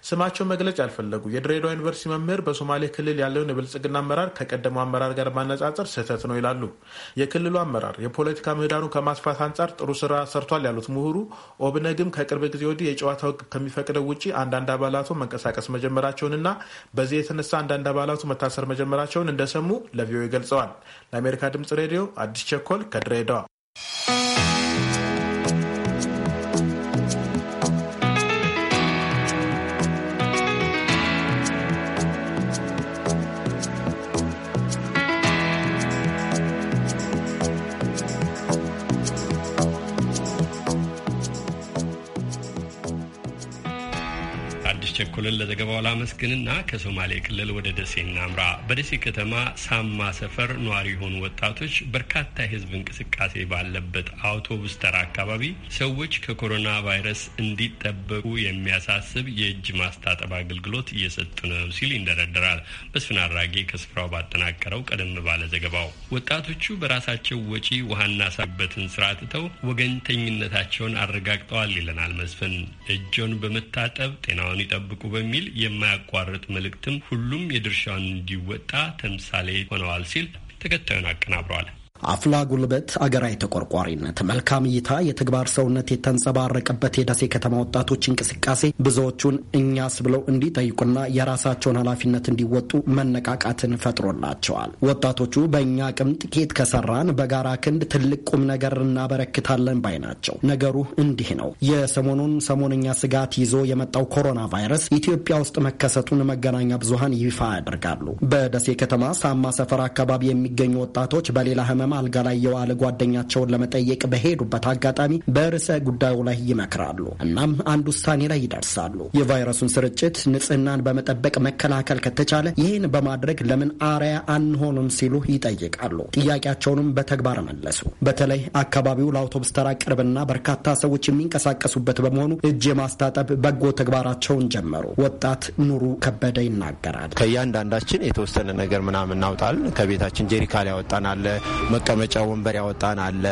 ስማቸው መግለጽ ያልፈለጉ የድሬዳዋ ዩኒቨርሲቲ መምህር በሶማሌ ክልል ያለውን የብልጽግና አመራር ከቀደመው አመራር ጋር ማነጻጸር ስህተት ነው ይላሉ። የክልሉ አመራር የፖለቲካ ምህዳሩን ከማስፋት አንጻር ጥሩ ስራ ሰርቷል ያሉት ምሁሩ ኦብነግም ከቅርብ ጊዜ ወዲህ የጨዋታ ህግ ከሚፈቅደው ውጭ አንዳንድ አባላቱ መንቀሳቀስ መጀመራቸውንና በዚህ የተነሳ አንዳንድ አባላቱ መታሰር መጀመራቸውን እንደሰሙ ለቪኦኤ ገልጸዋል። ለአሜሪካ ድምጽ ሬዲዮ አዲስ ቸኮል ከድሬዳዋ አዲስ ቸኮልን ለዘገባው ላመስግንና ከሶማሌ ክልል ወደ ደሴ እናምራ። በደሴ ከተማ ሳማ ሰፈር ነዋሪ የሆኑ ወጣቶች በርካታ የሕዝብ እንቅስቃሴ ባለበት አውቶቡስ ተራ አካባቢ ሰዎች ከኮሮና ቫይረስ እንዲጠበቁ የሚያሳስብ የእጅ ማስታጠብ አገልግሎት እየሰጡ ነው ሲል ይንደረደራል። በስፍና አድራጌ ከስፍራው ባጠናቀረው ቀደም ባለ ዘገባው ወጣቶቹ በራሳቸው ወጪ ውሃና ሳበትን ስራ ትተው ወገንተኝነታቸውን አረጋግጠዋል ይለናል መስፍን። እጆን በመታጠብ ጤናውን ይጠብቁ በሚል የማያቋርጥ መልእክትም ሁሉም የድርሻውን እንዲወጣ ተምሳሌ ሆነዋል ሲል ተከታዩን አቀናብረዋል። አፍላ ጉልበት፣ አገራዊ ተቆርቋሪነት፣ መልካም እይታ፣ የተግባር ሰውነት የተንጸባረቀበት የደሴ ከተማ ወጣቶች እንቅስቃሴ ብዙዎቹን እኛስ ብለው እንዲጠይቁና የራሳቸውን ኃላፊነት እንዲወጡ መነቃቃትን ፈጥሮላቸዋል። ወጣቶቹ በእኛ አቅም ጥቂት ከሰራን በጋራ ክንድ ትልቅ ቁም ነገር እናበረክታለን ባይ ናቸው። ነገሩ እንዲህ ነው። የሰሞኑን ሰሞነኛ ስጋት ይዞ የመጣው ኮሮና ቫይረስ ኢትዮጵያ ውስጥ መከሰቱን መገናኛ ብዙሃን ይፋ ያደርጋሉ። በደሴ ከተማ ሳማ ሰፈር አካባቢ የሚገኙ ወጣቶች በሌላ ህመም በህመም አልጋ ላይ የዋለ ጓደኛቸውን ለመጠየቅ በሄዱበት አጋጣሚ በርዕሰ ጉዳዩ ላይ ይመክራሉ። እናም አንድ ውሳኔ ላይ ይደርሳሉ። የቫይረሱን ስርጭት ንጽህናን በመጠበቅ መከላከል ከተቻለ ይህን በማድረግ ለምን አርያ አንሆንም ሲሉ ይጠይቃሉ። ጥያቄያቸውንም በተግባር መለሱ። በተለይ አካባቢው ለአውቶቡስ ተራ ቅርብና በርካታ ሰዎች የሚንቀሳቀሱበት በመሆኑ እጅ የማስታጠብ በጎ ተግባራቸውን ጀመሩ። ወጣት ኑሩ ከበደ ይናገራል። ከእያንዳንዳችን የተወሰነ ነገር ምናምን እናውጣል። ከቤታችን ጀሪካ ላይ መቀመጫ ወንበር ያወጣን አለ፣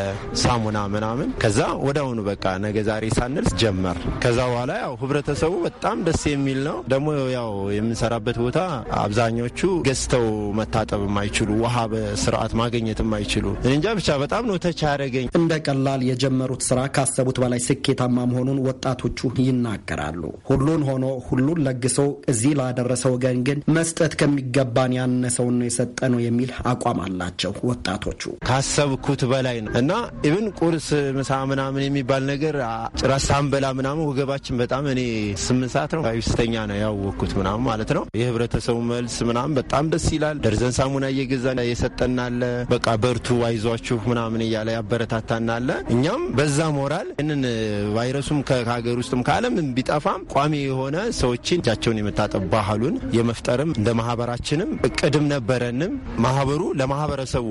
ሳሙና ምናምን። ከዛ ወዲያውኑ በቃ ነገ ዛሬ ሳንልስ ጀመር። ከዛ በኋላ ያው ህብረተሰቡ በጣም ደስ የሚል ነው። ደግሞ ያው የምንሰራበት ቦታ አብዛኞቹ ገዝተው መታጠብ የማይችሉ ውሃ በስርዓት ማግኘት የማይችሉ እንጃ ብቻ በጣም ነው ተች ያደረገኝ። እንደ ቀላል የጀመሩት ስራ ካሰቡት በላይ ስኬታማ መሆኑን ወጣቶቹ ይናገራሉ። ሁሉን ሆኖ ሁሉን ለግሶ እዚህ ላደረሰ ወገን ግን መስጠት ከሚገባን ያነሰውን ነው የሰጠ ነው የሚል አቋም አላቸው ወጣቶቹ። ካሰብኩት በላይ ነው እና ኢብን ቁርስ፣ ምሳ ምናምን የሚባል ነገር ጭራሽ ሳንበላ ምናምን ወገባችን በጣም እኔ ስምንት ሰዓት ነው ይስተኛ ነው ያወቅኩት ምናምን ማለት ነው። የህብረተሰቡ መልስ ምናምን በጣም ደስ ይላል። ደርዘን ሳሙና እየገዛ የሰጠናለ በቃ በርቱ፣ አይዟችሁ ምናምን እያለ ያበረታታናለ። እኛም በዛ ሞራል ይህንን ቫይረሱም ከሀገር ውስጥም ከዓለም ቢጠፋም ቋሚ የሆነ ሰዎችን እጃቸውን የመታጠብ ባህሉን የመፍጠርም እንደ ማህበራችንም እቅድም ነበረንም ማህበሩ ለማህበረሰቡ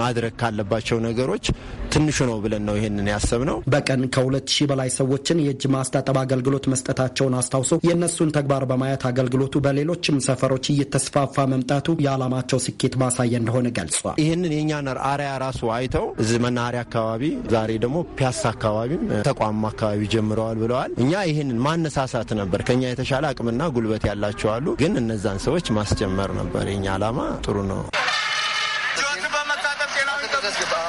ማድረግ ማድረግ ካለባቸው ነገሮች ትንሹ ነው ብለን ነው ይህንን ያሰብነው። በቀን ከሁለት ሺህ በላይ ሰዎችን የእጅ ማስታጠብ አገልግሎት መስጠታቸውን አስታውሶ የእነሱን ተግባር በማየት አገልግሎቱ በሌሎችም ሰፈሮች እየተስፋፋ መምጣቱ የዓላማቸው ስኬት ማሳያ እንደሆነ ገልጿል። ይህንን የእኛን አርአያ ራሱ አይተው እዚህ መናኸሪያ አካባቢ፣ ዛሬ ደግሞ ፒያሳ አካባቢም ተቋም አካባቢ ጀምረዋል ብለዋል። እኛ ይህንን ማነሳሳት ነበር። ከኛ የተሻለ አቅምና ጉልበት ያላቸው አሉ፣ ግን እነዛን ሰዎች ማስጀመር ነበር የኛ ዓላማ። ጥሩ ነው። Francisco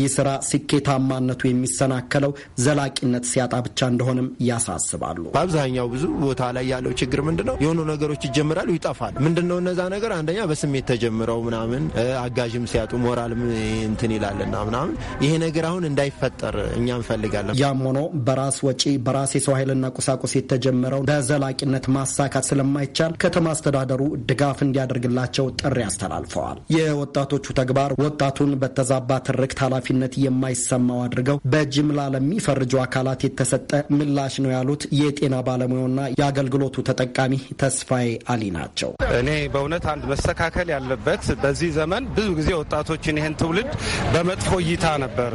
ይህ ስራ ስኬታማነቱ የሚሰናከለው ዘላቂነት ሲያጣ ብቻ እንደሆነም ያሳስባሉ። በአብዛኛው ብዙ ቦታ ላይ ያለው ችግር ምንድን ነው? የሆኑ ነገሮች ይጀምራሉ፣ ይጠፋል። ምንድን ነው እነዛ ነገር? አንደኛ በስሜት ተጀምረው ምናምን አጋዥም ሲያጡ ሞራልም እንትን ይላልና ምናምን ይሄ ነገር አሁን እንዳይፈጠር እኛ እንፈልጋለን። ያም ሆኖ በራስ ወጪ በራስ የሰው ኃይልና ቁሳቁስ የተጀመረው በዘላቂነት ማሳካት ስለማይቻል ከተማ አስተዳደሩ ድጋፍ እንዲያደርግላቸው ጥሪ አስተላልፈዋል። የወጣቶቹ ተግባር ወጣቱን በተዛባ ትርክት ኃላፊ ኃላፊነት የማይሰማው አድርገው በጅምላ ለሚፈርጁ አካላት የተሰጠ ምላሽ ነው ያሉት የጤና ባለሙያውና የአገልግሎቱ ተጠቃሚ ተስፋዬ አሊ ናቸው። እኔ በእውነት አንድ መስተካከል ያለበት በዚህ ዘመን ብዙ ጊዜ ወጣቶችን ይህን ትውልድ በመጥፎ እይታ ነበር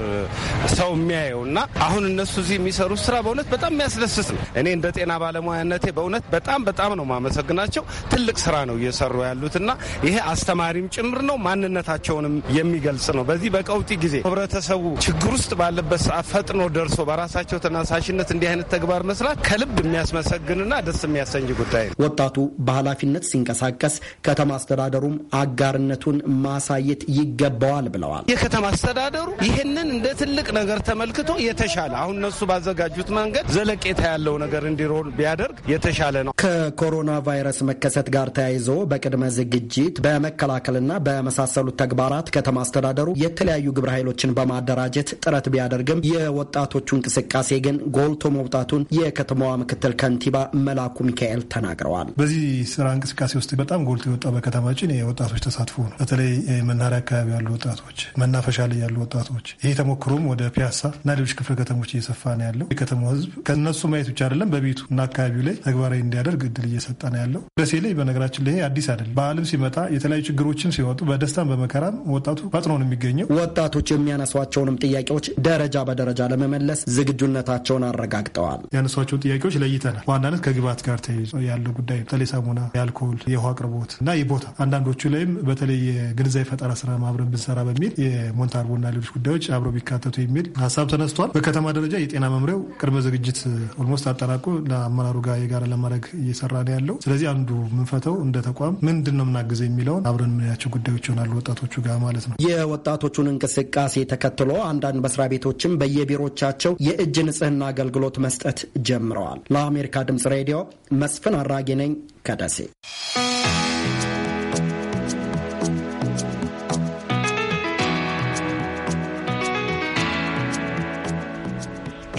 ሰው የሚያየው እና አሁን እነሱ እዚህ የሚሰሩት ስራ በእውነት በጣም የሚያስደስት ነው። እኔ እንደ ጤና ባለሙያነቴ በእውነት በጣም በጣም ነው ማመሰግናቸው። ትልቅ ስራ ነው እየሰሩ ያሉት እና ይሄ አስተማሪም ጭምር ነው። ማንነታቸውንም የሚገልጽ ነው። በዚህ በቀውጢ ጊዜ ህብረተሰቡ ችግር ውስጥ ባለበት ሰዓት ፈጥኖ ደርሶ በራሳቸው ተነሳሽነት እንዲህ አይነት ተግባር መስራት ከልብ የሚያስመሰግንና ደስ የሚያሰኝ ጉዳይ ነው። ወጣቱ በኃላፊነት ሲንቀሳቀስ ከተማ አስተዳደሩም አጋርነቱን ማሳየት ይገባዋል ብለዋል። የከተማ አስተዳደሩ ይህንን እንደ ትልቅ ነገር ተመልክቶ የተሻለ አሁን እነሱ ባዘጋጁት መንገድ ዘለቄታ ያለው ነገር እንዲሮን ቢያደርግ የተሻለ ነው። ከኮሮና ቫይረስ መከሰት ጋር ተያይዞ በቅድመ ዝግጅት በመከላከልና በመሳሰሉት ተግባራት ከተማ አስተዳደሩ የተለያዩ ግብረ ኃይሎችን ቡድኖችን በማደራጀት ጥረት ቢያደርግም የወጣቶቹ እንቅስቃሴ ግን ጎልቶ መውጣቱን የከተማዋ ምክትል ከንቲባ መላኩ ሚካኤል ተናግረዋል። በዚህ ስራ እንቅስቃሴ ውስጥ በጣም ጎልቶ የወጣው በከተማችን የወጣቶች ተሳትፎ ነው። በተለይ መናሪያ አካባቢ ያሉ ወጣቶች፣ መናፈሻ ላይ ያሉ ወጣቶች፣ ይህ ተሞክሮም ወደ ፒያሳ እና ሌሎች ክፍለ ከተሞች እየሰፋ ነው ያለው። የከተማ ህዝብ ከእነሱ ማየት ብቻ አይደለም፣ በቤቱ እና አካባቢው ላይ ተግባራዊ እንዲያደርግ እድል እየሰጠ ነው ያለው። ደሴ ላይ በነገራችን ላይ አዲስ አይደለም። በዓልም ሲመጣ የተለያዩ ችግሮችም ሲወጡ፣ በደስታም በመከራም ወጣቱ ፈጥኖ ነው የሚገኘው። ወጣቶች የሚያ የሚያነሷቸውንም ጥያቄዎች ደረጃ በደረጃ ለመመለስ ዝግጁነታቸውን አረጋግጠዋል። ያነሷቸውን ጥያቄዎች ለይተናል። በዋናነት ከግብዓት ጋር ተያይዞ ያለው ጉዳይ በተለይ ሳሙና፣ የአልኮል፣ የውሃ አቅርቦት እና የቦታ አንዳንዶቹ ላይም በተለይ የግንዛቤ ፈጠራ ስራ ማብረን ብንሰራ በሚል የሞንታርቦና ሌሎች ጉዳዮች አብረው ቢካተቱ የሚል ሀሳብ ተነስቷል። በከተማ ደረጃ የጤና መምሪያው ቅድመ ዝግጅት ኦልሞስት አጠናቆ ለአመራሩ ጋር የጋራ ለማድረግ እየሰራ ነው ያለው። ስለዚህ አንዱ ምንፈተው እንደ ተቋም ምንድን ነው ምናግዘው የሚለውን አብረን ምንያቸው ጉዳዮች ይሆናሉ ወጣቶቹ ጋር ማለት ነው። የወጣቶቹን እንቅስቃሴ ተከትሎ አንዳንድ መስሪያ ቤቶችም በየቢሮቻቸው የእጅ ንጽህና አገልግሎት መስጠት ጀምረዋል። ለአሜሪካ ድምጽ ሬዲዮ መስፍን አራጌ ነኝ ከደሴ።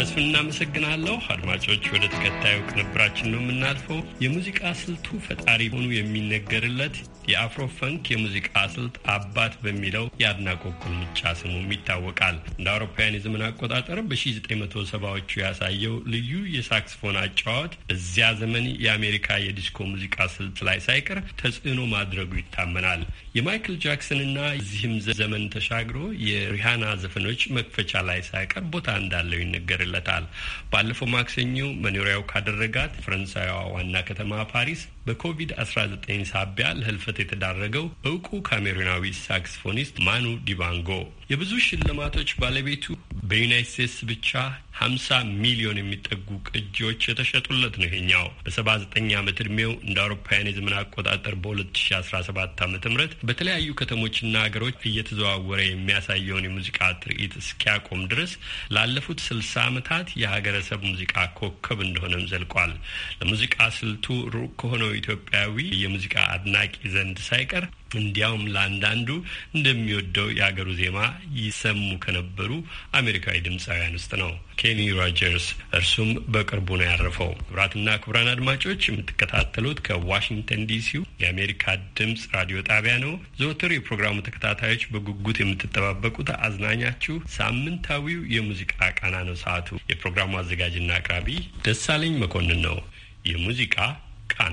መስፍን እናመሰግናለሁ። አድማጮች ወደ ተከታዩ ቅንብራችን ነው የምናልፈው። የሙዚቃ ስልቱ ፈጣሪ ሆኑ የሚነገርለት የአፍሮ ፈንክ የሙዚቃ ስልት አባት በሚለው የአድናቆት ቁልምጫ ስሙም ይታወቃል። እንደ አውሮፓውያን የዘመን አቆጣጠር በ1970ዎቹ ያሳየው ልዩ የሳክስፎን አጫዋት እዚያ ዘመን የአሜሪካ የዲስኮ ሙዚቃ ስልት ላይ ሳይቀር ተጽዕኖ ማድረጉ ይታመናል። የማይክል ጃክሰንና እዚህም ዘመን ተሻግሮ የሪሃና ዘፈኖች መክፈቻ ላይ ሳይቀር ቦታ እንዳለው ይነገርል ይገኝለታል። ባለፈው ማክሰኞ መኖሪያው ካደረጋት ፈረንሳይዋ ዋና ከተማ ፓሪስ በኮቪድ-19 ሳቢያ ለህልፈት የተዳረገው እውቁ ካሜሩናዊ ሳክስፎኒስት ማኑ ዲባንጎ የብዙ ሽልማቶች ባለቤቱ በዩናይት ስቴትስ ብቻ ሀምሳ ሚሊዮን የሚጠጉ ቅጂዎች የተሸጡለት ነው። ይሄኛው በሰባ ዘጠኝ ዓመት ዕድሜው እንደ አውሮፓውያን የዘመን አቆጣጠር በ2017 ዓ ም በተለያዩ ከተሞችና ሀገሮች እየተዘዋወረ የሚያሳየውን የሙዚቃ ትርኢት እስኪያቆም ድረስ ላለፉት ስልሳ ዓመታት የሀገረሰብ ሙዚቃ ኮከብ እንደሆነም ዘልቋል። ለሙዚቃ ስልቱ ሩቅ ከሆነው ኢትዮጵያዊ የሙዚቃ አድናቂ ዘንድ ሳይቀር እንዲያውም ለአንዳንዱ እንደሚወደው የአገሩ ዜማ ይሰሙ ከነበሩ አሜሪካዊ ድምፃውያን ውስጥ ነው ኬኒ ሮጀርስ። እርሱም በቅርቡ ነው ያረፈው። ክቡራትና ክቡራን አድማጮች የምትከታተሉት ከዋሽንግተን ዲሲው የአሜሪካ ድምፅ ራዲዮ ጣቢያ ነው። ዘወትር የፕሮግራሙ ተከታታዮች በጉጉት የምትጠባበቁት አዝናኛችሁ ሳምንታዊው የሙዚቃ ቃና ነው። ሰዓቱ የፕሮግራሙ አዘጋጅና አቅራቢ ደሳለኝ መኮንን ነው። የሙዚቃ ቃና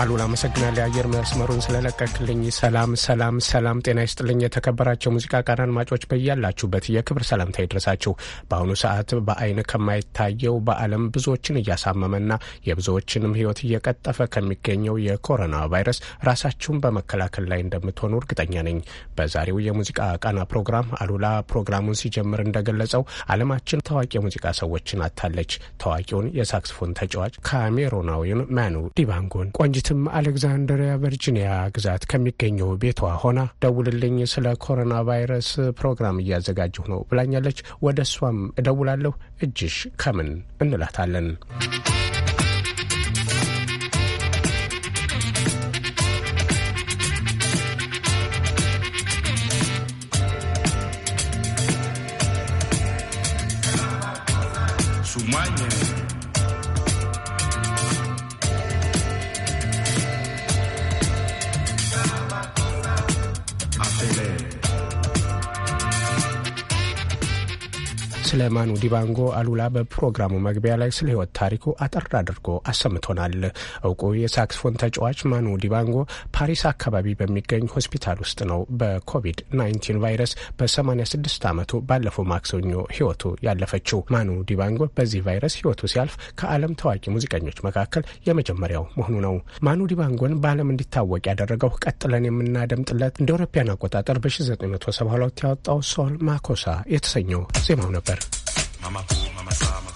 አሉላ አመሰግናለሁ። የአየር መስመሩን ስለለቀቅልኝ። ሰላም ሰላም ሰላም፣ ጤና ይስጥልኝ። የተከበራቸው ሙዚቃ ቃና አድማጮች በያላችሁበት የክብር ሰላምታ ይድረሳችሁ። በአሁኑ ሰዓት በአይን ከማይታየው በዓለም ብዙዎችን እያሳመመና የብዙዎችንም ሕይወት እየቀጠፈ ከሚገኘው የኮሮና ቫይረስ ራሳችሁን በመከላከል ላይ እንደምትሆኑ እርግጠኛ ነኝ። በዛሬው የሙዚቃ ቃና ፕሮግራም አሉላ ፕሮግራሙን ሲጀምር እንደገለጸው ዓለማችን ታዋቂ የሙዚቃ ሰዎችን አታለች። ታዋቂውን የሳክስፎን ተጫዋች ካሜሮናዊውን ማኑ ዲባንጎን ቆንጅት ማለትም አሌግዛንድሪያ ቨርጂኒያ ግዛት ከሚገኘው ቤቷ ሆና ደውልልኝ፣ ስለ ኮሮና ቫይረስ ፕሮግራም እያዘጋጀሁ ነው ብላኛለች። ወደ እሷም እደውላለሁ እጅሽ ከምን እንላታለን። Sumaya ስለ ማኑ ዲባንጎ አሉላ በፕሮግራሙ መግቢያ ላይ ስለ ህይወት ታሪኩ አጠር አድርጎ አሰምቶናል። እውቁ የሳክስፎን ተጫዋች ማኑ ዲባንጎ ፓሪስ አካባቢ በሚገኝ ሆስፒታል ውስጥ ነው በኮቪድ-19 ቫይረስ በ86 ዓመቱ ባለፈው ማክሰኞ ህይወቱ ያለፈችው። ማኑ ዲባንጎ በዚህ ቫይረስ ህይወቱ ሲያልፍ ከዓለም ታዋቂ ሙዚቀኞች መካከል የመጀመሪያው መሆኑ ነው። ማኑ ዲባንጎን በዓለም እንዲታወቅ ያደረገው ቀጥለን የምናደምጥለት እንደ አውሮፓውያን አቆጣጠር በ1972 ያወጣው ሶል ማኮሳ የተሰኘው ዜማው ነበር። mama mama, mama sama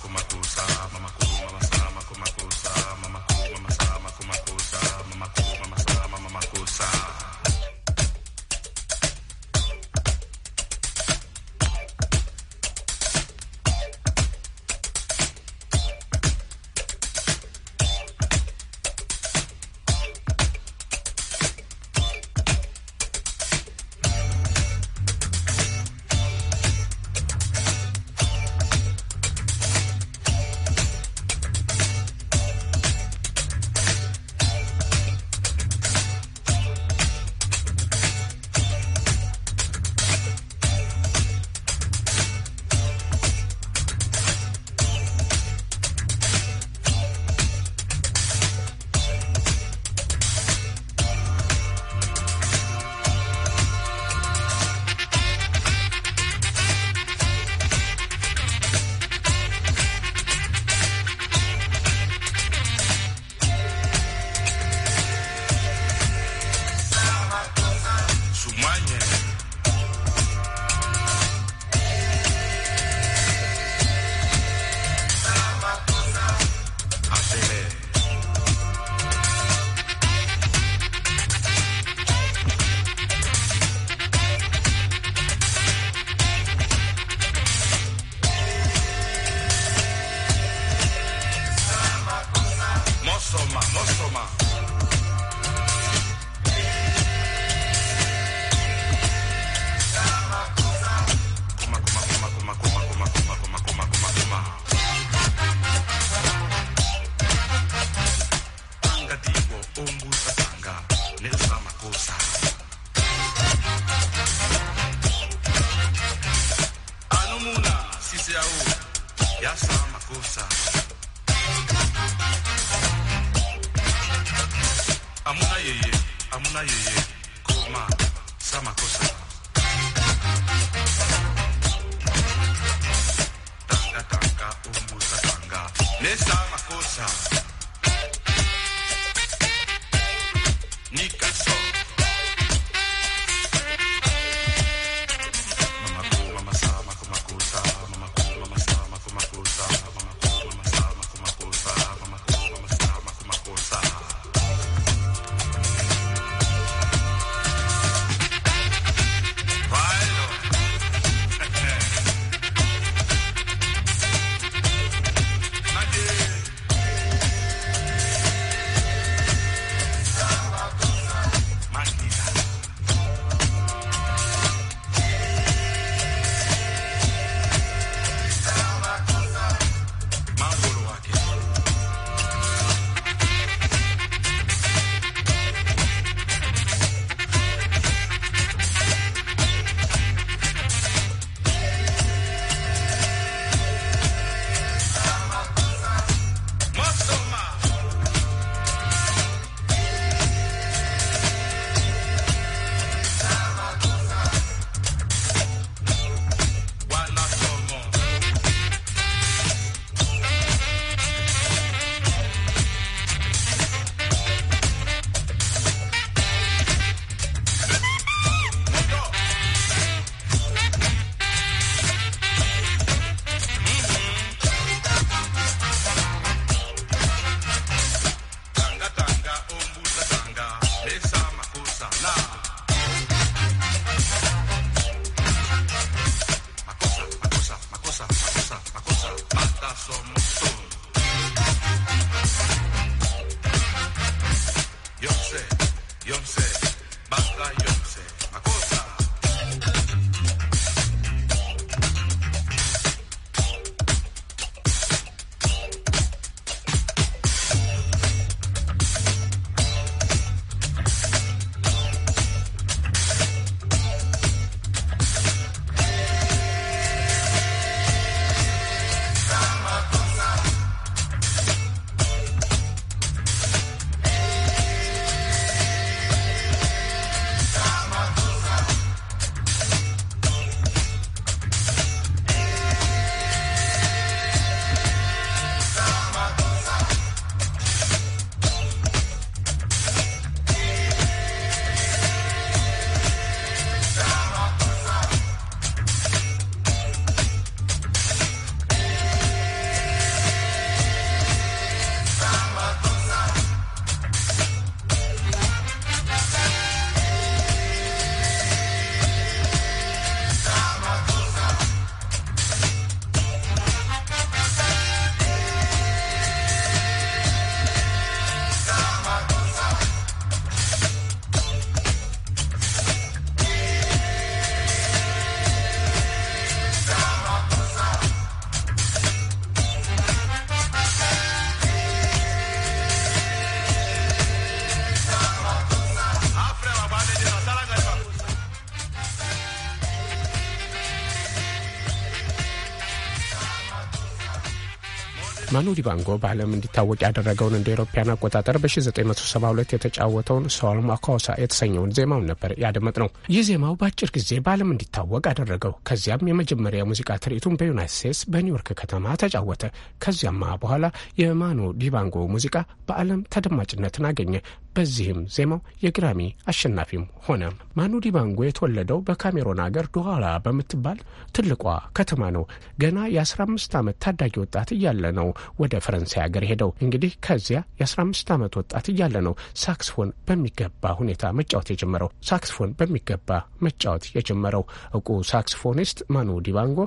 ጆሃኑ ዲባንጎ በዓለም እንዲታወቅ ያደረገውን እንደ ኤሮፓያን አቆጣጠር በ1972 የተጫወተውን ሰዋል ማኮሳ የተሰኘውን ዜማውን ነበር ያደመጥ ነው። ይህ ዜማው በአጭር ጊዜ በዓለም እንዲታወቅ አደረገው። ከዚያም የመጀመሪያ ሙዚቃ ትርኢቱን በዩናይት ስቴትስ በኒውዮርክ ከተማ ተጫወተ። ከዚያማ በኋላ የማኑ ዲባንጎ ሙዚቃ በዓለም ተደማጭነትን አገኘ። በዚህም ዜማው የግራሚ አሸናፊም ሆነ። ማኑ ዲባንጎ የተወለደው በካሜሮን አገር ዶኋላ በምትባል ትልቋ ከተማ ነው። ገና የ15 ዓመት ታዳጊ ወጣት እያለ ነው ወደ ፈረንሳይ አገር ሄደው። እንግዲህ ከዚያ የ15 ዓመት ወጣት እያለ ነው ሳክስፎን በሚገባ ሁኔታ መጫወት የጀመረው ሳክስፎን በሚገባ መጫወት የጀመረው እውቁ ሳክስፎኒስት ማኑ ዲባንጎ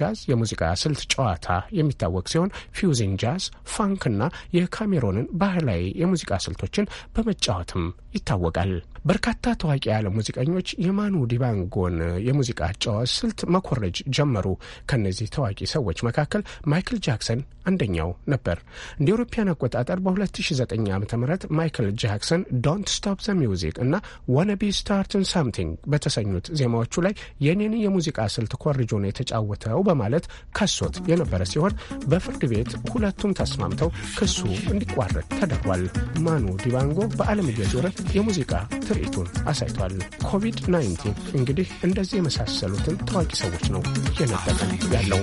ጃዝ የሙዚቃ ስልት ጨዋታ የሚታወቅ ሲሆን ፊውዚን ጃዝ፣ ፋንክና የካሜሮንን ባህላዊ የሙዚቃ ስልቶችን በመጫወትም ይታወቃል። በርካታ ታዋቂ ያለ ሙዚቀኞች የማኑ ዲባንጎን የሙዚቃ አጨዋወት ስልት መኮረጅ ጀመሩ። ከእነዚህ ታዋቂ ሰዎች መካከል ማይክል ጃክሰን አንደኛው ነበር። እንደ አውሮፓውያን አቆጣጠር በ2009 ዓ ም ማይክል ጃክሰን ዶንት ስቶፕ ዘ ሚውዚክ እና ዋነቢ ስታርትን ሳምቲንግ በተሰኙት ዜማዎቹ ላይ የኔን የሙዚቃ ስልት ኮርጆ ነው የተጫወተው በማለት ከሶት የነበረ ሲሆን በፍርድ ቤት ሁለቱም ተስማምተው ክሱ እንዲቋረጥ ተደርጓል። ማኑ ዲባንጎ በዓለም እየዞረ የሙዚቃ ትርኢቱን አሳይቷል። ኮቪድ-19 እንግዲህ እንደዚህ የመሳሰሉትን ታዋቂ ሰዎች ነው እየነጠቀ ያለው።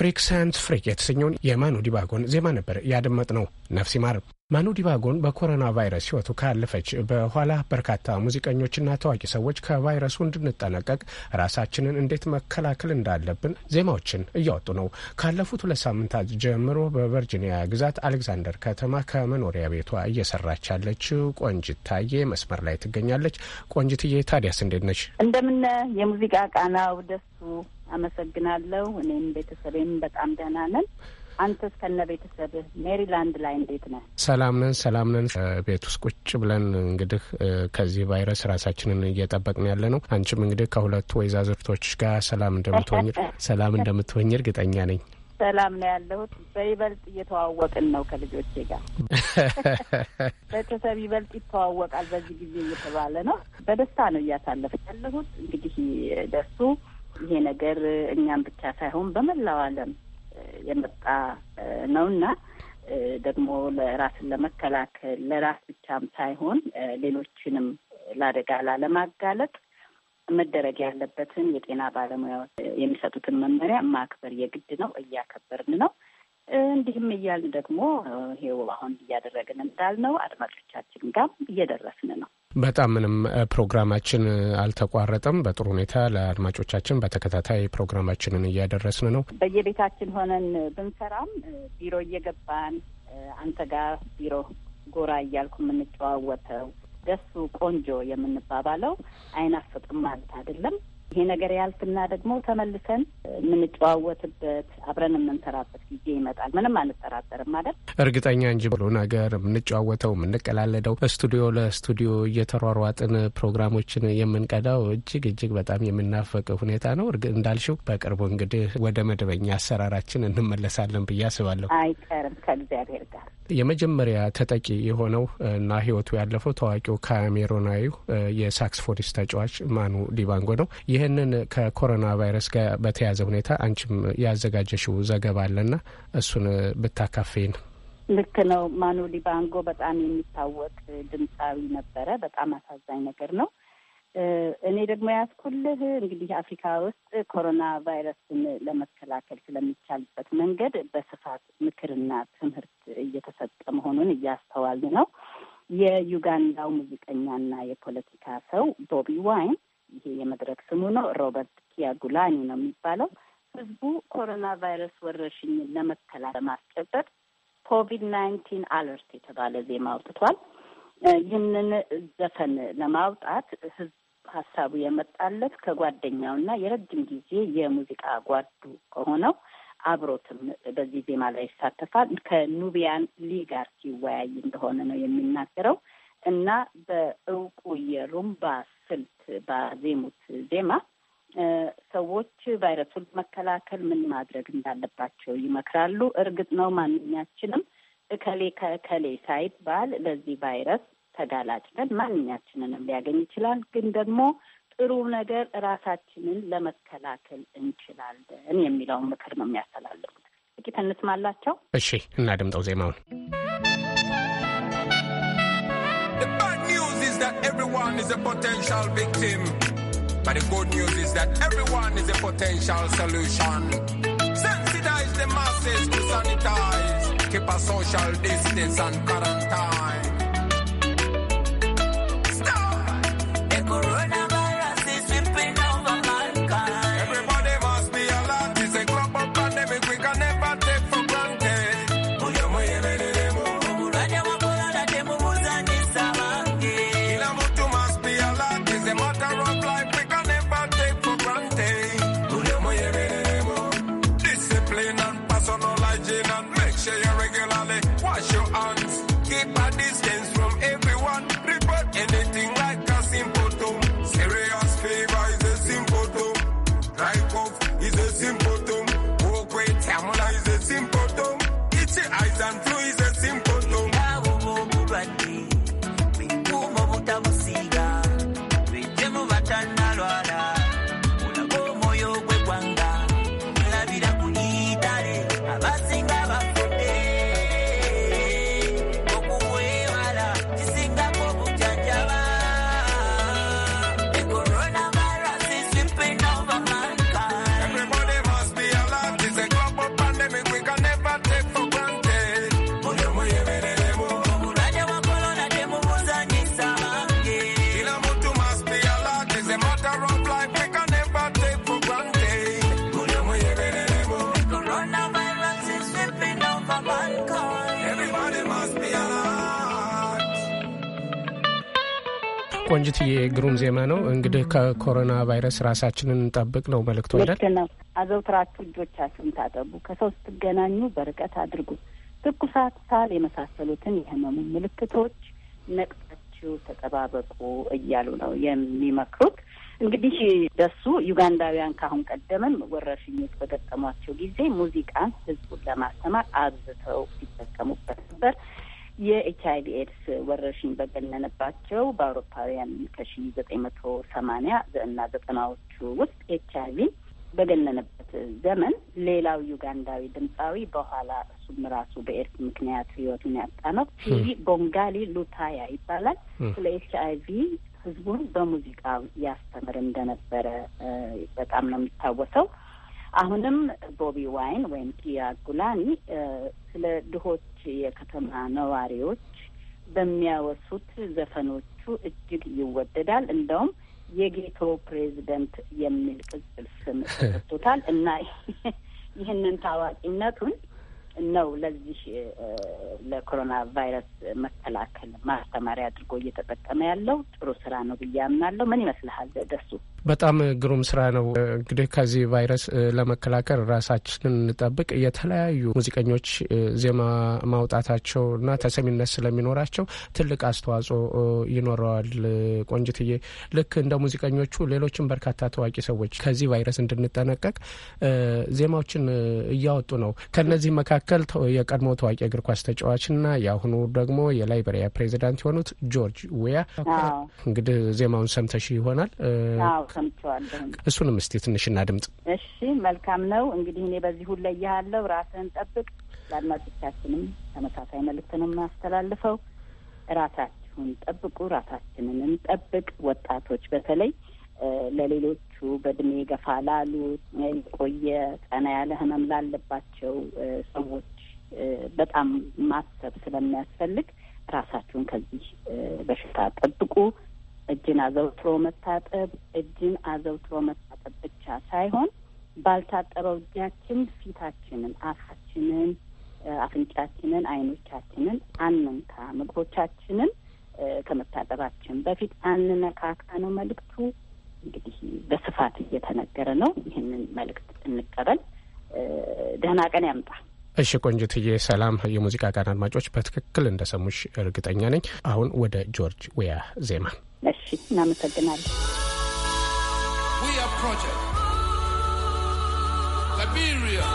ፍሪክ ሳያንስ ፍሪክ የተሰኘውን የማኑ ዲባጎን ዜማ ነበር ያደመጥ ነው። ነፍስ ይማር ማኑ ዲባጎን በኮሮና ቫይረስ ሕይወቱ ካለፈች በኋላ በርካታ ሙዚቀኞችና ታዋቂ ሰዎች ከቫይረሱ እንድንጠነቀቅ ራሳችንን እንዴት መከላከል እንዳለብን ዜማዎችን እያወጡ ነው። ካለፉት ሁለት ሳምንታት ጀምሮ በቨርጂኒያ ግዛት አሌክዛንደር ከተማ ከመኖሪያ ቤቷ እየሰራች ያለችው ቆንጅት ታዬ መስመር ላይ ትገኛለች። ቆንጅትዬ ታዲያስ እንዴት ነች? እንደምነ የሙዚቃ ቃናው ደሱ አመሰግናለሁ። እኔም ቤተሰቤም በጣም ደህና ነን። አንተስ ከነ ቤተሰብህ ሜሪላንድ ላይ እንዴት ነህ? ሰላም ነን፣ ሰላም ነን። ቤት ውስጥ ቁጭ ብለን እንግዲህ ከዚህ ቫይረስ ራሳችንን እየጠበቅን ያለ ነው። አንቺም እንግዲህ ከሁለቱ ወይዛዝርቶች ጋር ሰላም እንደምትሆኝ ሰላም እንደምትሆኝ እርግጠኛ ነኝ። ሰላም ነው ያለሁት። በይበልጥ እየተዋወቅን ነው ከልጆቼ ጋር። ቤተሰብ ይበልጥ ይተዋወቃል በዚህ ጊዜ እየተባለ ነው። በደስታ ነው እያሳለፍ ያለሁት። እንግዲህ ደሱ ይሄ ነገር እኛም ብቻ ሳይሆን በመላው ዓለም የመጣ ነውና ደግሞ ለራስን ለመከላከል ለራስ ብቻም ሳይሆን ሌሎችንም ለአደጋ ላለማጋለጥ መደረግ ያለበትን የጤና ባለሙያዎች የሚሰጡትን መመሪያ ማክበር የግድ ነው። እያከበርን ነው። እንዲህም እያልን ደግሞ ይሄው አሁን እያደረግን እንዳልነው አድማጮቻችን ጋር እየደረስን ነው። በጣም ምንም ፕሮግራማችን አልተቋረጠም። በጥሩ ሁኔታ ለአድማጮቻችን በተከታታይ ፕሮግራማችንን እያደረስን ነው። በየቤታችን ሆነን ብንሰራም ቢሮ እየገባን አንተ ጋር ቢሮ ጎራ እያልኩ የምንጨዋወተው ደሱ ቆንጆ የምንባባለው አይናፍቅም ማለት አይደለም። ይሄ ነገር ያልፍና ደግሞ ተመልሰን የምንጨዋወትበት አብረን የምንሰራበት ጊዜ ይመጣል። ምንም አንጠራጠርም አይደል? እርግጠኛ እንጂ ብሎ ነገር የምንጨዋወተው የምንቀላለደው፣ ስቱዲዮ ለስቱዲዮ እየተሯሯጥን ፕሮግራሞችን የምንቀዳው እጅግ እጅግ በጣም የምናፈቅ ሁኔታ ነው። እንዳልሽው በቅርቡ እንግዲህ ወደ መደበኛ አሰራራችን እንመለሳለን ብዬ አስባለሁ። አይቀርም ከእግዚአብሔር ጋር የመጀመሪያ ተጠቂ የሆነው እና ህይወቱ ያለፈው ታዋቂው ካሜሮናዊው የሳክስፎኒስት ተጫዋች ማኑ ዲባንጎ ነው። ይህንን ከኮሮና ቫይረስ ጋር በተያያዘ ሁኔታ አንቺም ያዘጋጀሽው ዘገባ አለና እሱን ብታካፌን። ልክ ነው። ማኑ ዲባንጎ በጣም የሚታወቅ ድምፃዊ ነበረ። በጣም አሳዛኝ ነገር ነው። እኔ ደግሞ ያስኩልህ እንግዲህ አፍሪካ ውስጥ ኮሮና ቫይረስን ለመከላከል ስለሚቻልበት መንገድ በስፋት ምክርና ትምህርት እየተሰጠ መሆኑን እያስተዋል ነው። የዩጋንዳው ሙዚቀኛና የፖለቲካ ሰው ቦቢ ዋይን ይሄ የመድረክ ስሙ ነው፣ ሮበርት ኪያጉላኒ ነው የሚባለው። ህዝቡ ኮሮና ቫይረስ ወረርሽኝን ለመከላ ለማስጨበጥ ኮቪድ ናይንቲን አለርት የተባለ ዜማ አውጥቷል። ይህንን ዘፈን ለማውጣት ህዝቡ ሀሳቡ የመጣለት ከጓደኛውና የረጅም ጊዜ የሙዚቃ ጓዱ ከሆነው አብሮትም በዚህ ዜማ ላይ ይሳተፋል ከኑቢያን ሊ ጋር ሲወያይ እንደሆነ ነው የሚናገረው እና በእውቁ የሩምባ ስልት ባዜሙት ዜማ ሰዎች ቫይረሱን መከላከል ምን ማድረግ እንዳለባቸው ይመክራሉ። እርግጥ ነው ማንኛችንም እከሌ ከእከሌ ሳይባል ለዚህ ቫይረስ ተጋላጭ ነን። ማንኛችንንም ሊያገኝ ይችላል። ግን ደግሞ ጥሩ ነገር ራሳችንን ለመከላከል እንችላለን የሚለውን ምክር ነው የሚያስተላልፉት። ጥቂት እንስማላቸው። እሺ፣ እናድምጠው ዜማውን። But the good news is that everyone is a potential solution. Sensitize the masses to sanitize, keep a social distance and quarantine. ግሩም ዜማ ነው። እንግዲህ ከኮሮና ቫይረስ ራሳችንን እንጠብቅ ነው መልእክቱ አይደል? ልክ ነው። አዘውትራችሁ እጆቻችሁን ታጠቡ፣ ከሰው ስትገናኙ በርቀት አድርጉ። ትኩሳት፣ ሳል የመሳሰሉትን የህመሙ ምልክቶች ነቅታችሁ ተጠባበቁ እያሉ ነው የሚመክሩት። እንግዲህ ደሱ ዩጋንዳውያን ካሁን ቀደምም ወረርሽኞች በገጠሟቸው ጊዜ ሙዚቃን ህዝቡን ለማስተማር አብዝተው ሲጠቀሙበት ነበር። የኤች አይቪ ኤድስ ወረርሽኝ በገነነባቸው በአውሮፓውያን ከሺ ዘጠኝ መቶ ሰማኒያ እና ዘጠናዎቹ ውስጥ ኤች አይ ቪ በገነነበት ዘመን ሌላው ዩጋንዳዊ ድምፃዊ በኋላ እሱም ራሱ በኤድስ ምክንያት ህይወቱን ያጣ ነው ቲቪ ቦንጋሊ ሉታያ ይባላል። ስለ ኤች አይቪ ህዝቡን በሙዚቃ ያስተምር እንደነበረ በጣም ነው የሚታወሰው። አሁንም ቦቢ ዋይን ወይም ኪያ ጉላኒ ስለ ድሆች የከተማ ነዋሪዎች በሚያወሱት ዘፈኖቹ እጅግ ይወደዳል። እንደውም የጌቶ ፕሬዚደንት የሚል ቅጽል ስም ተሰጥቶታል እና ይህንን ታዋቂነቱን ነው ለዚህ ለኮሮና ቫይረስ መከላከል ማስተማሪያ አድርጎ እየተጠቀመ ያለው ጥሩ ስራ ነው ብዬ አምናለሁ። ምን ይመስልሃል ደሱ? በጣም ግሩም ስራ ነው። እንግዲህ ከዚህ ቫይረስ ለመከላከል ራሳችንን እንጠብቅ። የተለያዩ ሙዚቀኞች ዜማ ማውጣታቸው እና ተሰሚነት ስለሚኖራቸው ትልቅ አስተዋጽኦ ይኖረዋል። ቆንጅትዬ፣ ልክ እንደ ሙዚቀኞቹ ሌሎችም በርካታ ታዋቂ ሰዎች ከዚህ ቫይረስ እንድንጠነቀቅ ዜማዎችን እያወጡ ነው። ከነዚህ መካከል የቀድሞ ታዋቂ እግር ኳስ ተጫዋችና የአሁኑ ደግሞ የላይበሪያ ፕሬዚዳንት የሆኑት ጆርጅ ዊያ እንግዲህ ዜማውን ሰምተሽ ይሆናል ሰምቼዋለሁ። እሱንም እስቲ ትንሽ እናድምጥ። እሺ፣ መልካም ነው እንግዲህ እኔ በዚህ ሁሉ እያለሁ ራስህን ጠብቅ። ለአድማጮቻችንም ተመሳሳይ መልእክት ነው የማስተላልፈው። ራሳችሁን ጠብቁ፣ ራሳችንንም ጠብቅ። ወጣቶች በተለይ ለሌሎቹ በእድሜ ገፋ ላሉ የቆየ ጠና ያለ ህመም ላለባቸው ሰዎች በጣም ማሰብ ስለሚያስፈልግ ራሳችሁን ከዚህ በሽታ ጠብቁ። እጅን አዘውትሮ መታጠብ፣ እጅን አዘውትሮ መታጠብ ብቻ ሳይሆን ባልታጠበው እጃችን ፊታችንን፣ አፋችንን፣ አፍንጫችንን፣ አይኖቻችንን አንንካ፣ ምግቦቻችንን ከመታጠባችን በፊት አንነካካ ነው መልእክቱ። እንግዲህ በስፋት እየተነገረ ነው። ይህንን መልእክት እንቀበል። ደህና ቀን ያምጣ። እሺ ቆንጅትዬ፣ ሰላም። የሙዚቃ ቃን አድማጮች በትክክል እንደሰሙሽ እርግጠኛ ነኝ። አሁን ወደ ጆርጅ ዌያ ዜማ። እሺ፣ እናመሰግናለን። Liberia,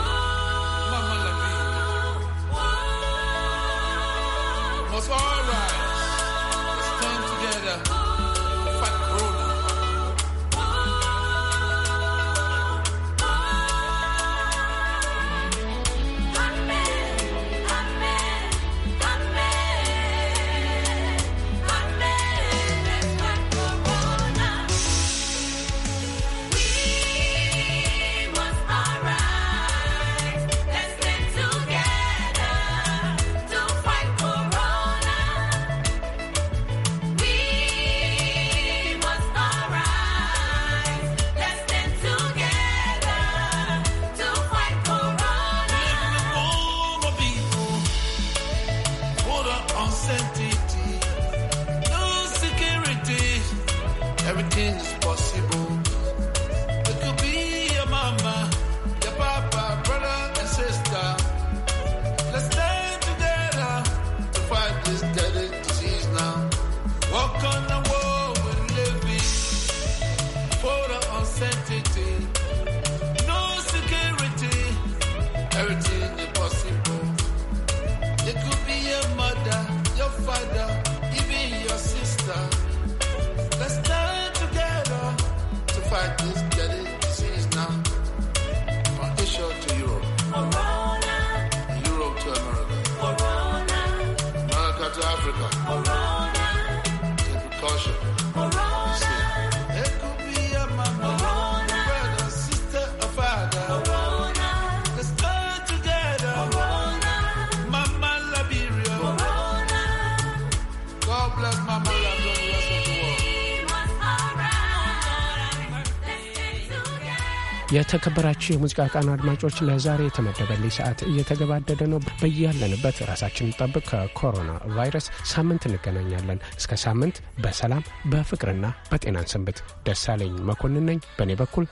የተከበራችሁ የሙዚቃ ቃና አድማጮች ለዛሬ የተመደበልኝ ሰዓት እየተገባደደ ነው። በያለንበት ራሳችን ጠብቅ ከኮሮና ቫይረስ። ሳምንት እንገናኛለን። እስከ ሳምንት በሰላም በፍቅርና በጤናን ሰንብት። ደሳለኝ መኮንን ነኝ። በእኔ በኩል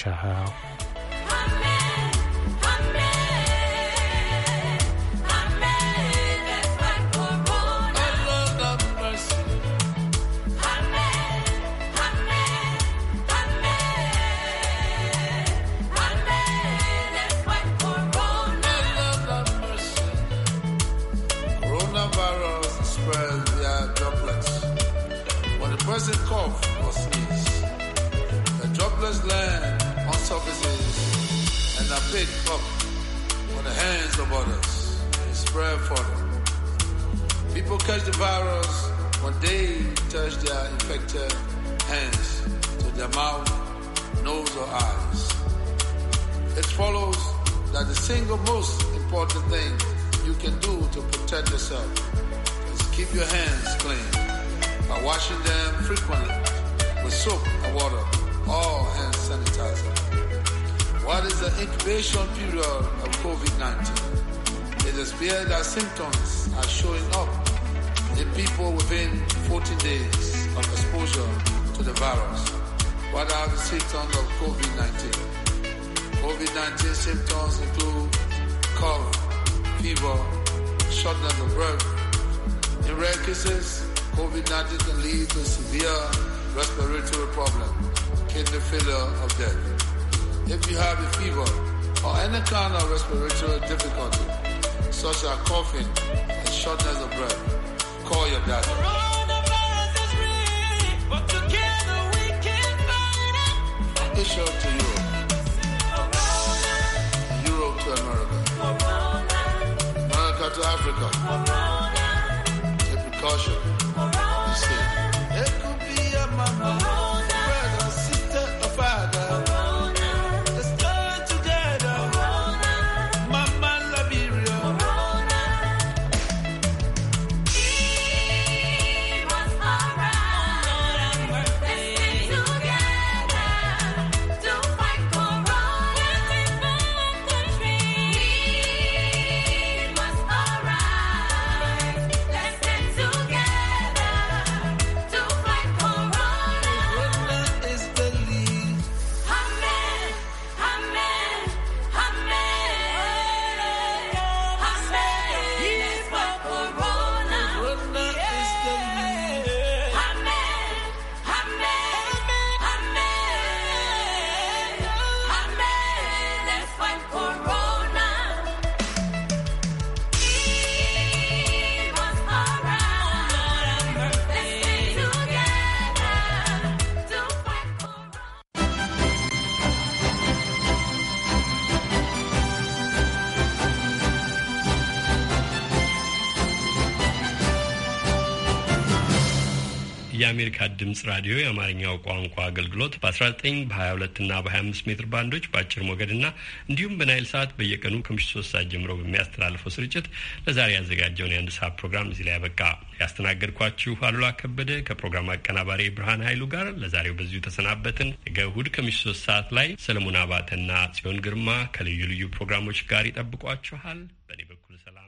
ቻው። fatherless land on surfaces and are picked up on the hands of others and spread further. People catch the virus when they touch their infected hands to their mouth, nose, or eyes. It follows that the single most important thing you can do to protect yourself is keep your hands clean by washing them frequently with soap and water. All oh, hand sanitizer. What is the incubation period of COVID-19? It is appears that symptoms are showing up in people within 14 days of exposure to the virus. What are the symptoms of COVID-19? COVID-19 symptoms include cough, fever, shortness of breath. In rare cases, COVID-19 can lead to severe respiratory problems in the filler of death. If you have a fever or any kind of respiratory difficulty, such as coughing and shortness of breath, call your doctor. Asia to Europe, Europe to America, America to Africa, Take precaution. ድምጽ ራዲዮ የአማርኛው ቋንቋ አገልግሎት በ19 በ22 እና በ25 ሜትር ባንዶች በአጭር ሞገድና እንዲሁም በናይል ሰዓት በየቀኑ ከምሽቱ 3 ሰዓት ጀምሮ በሚያስተላልፈው ስርጭት ለዛሬ ያዘጋጀውን የአንድ ሰዓት ፕሮግራም እዚህ ላይ ያበቃ። ያስተናገድኳችሁ አሉላ ከበደ ከፕሮግራም አቀናባሪ ብርሃን ኃይሉ ጋር ለዛሬው በዚሁ ተሰናበትን። ነገ እሁድ ከምሽቱ ሰዓት ላይ ሰለሞን አባተና ጽዮን ግርማ ከልዩ ልዩ ፕሮግራሞች ጋር ይጠብቋችኋል። በእኔ በኩል ሰላም።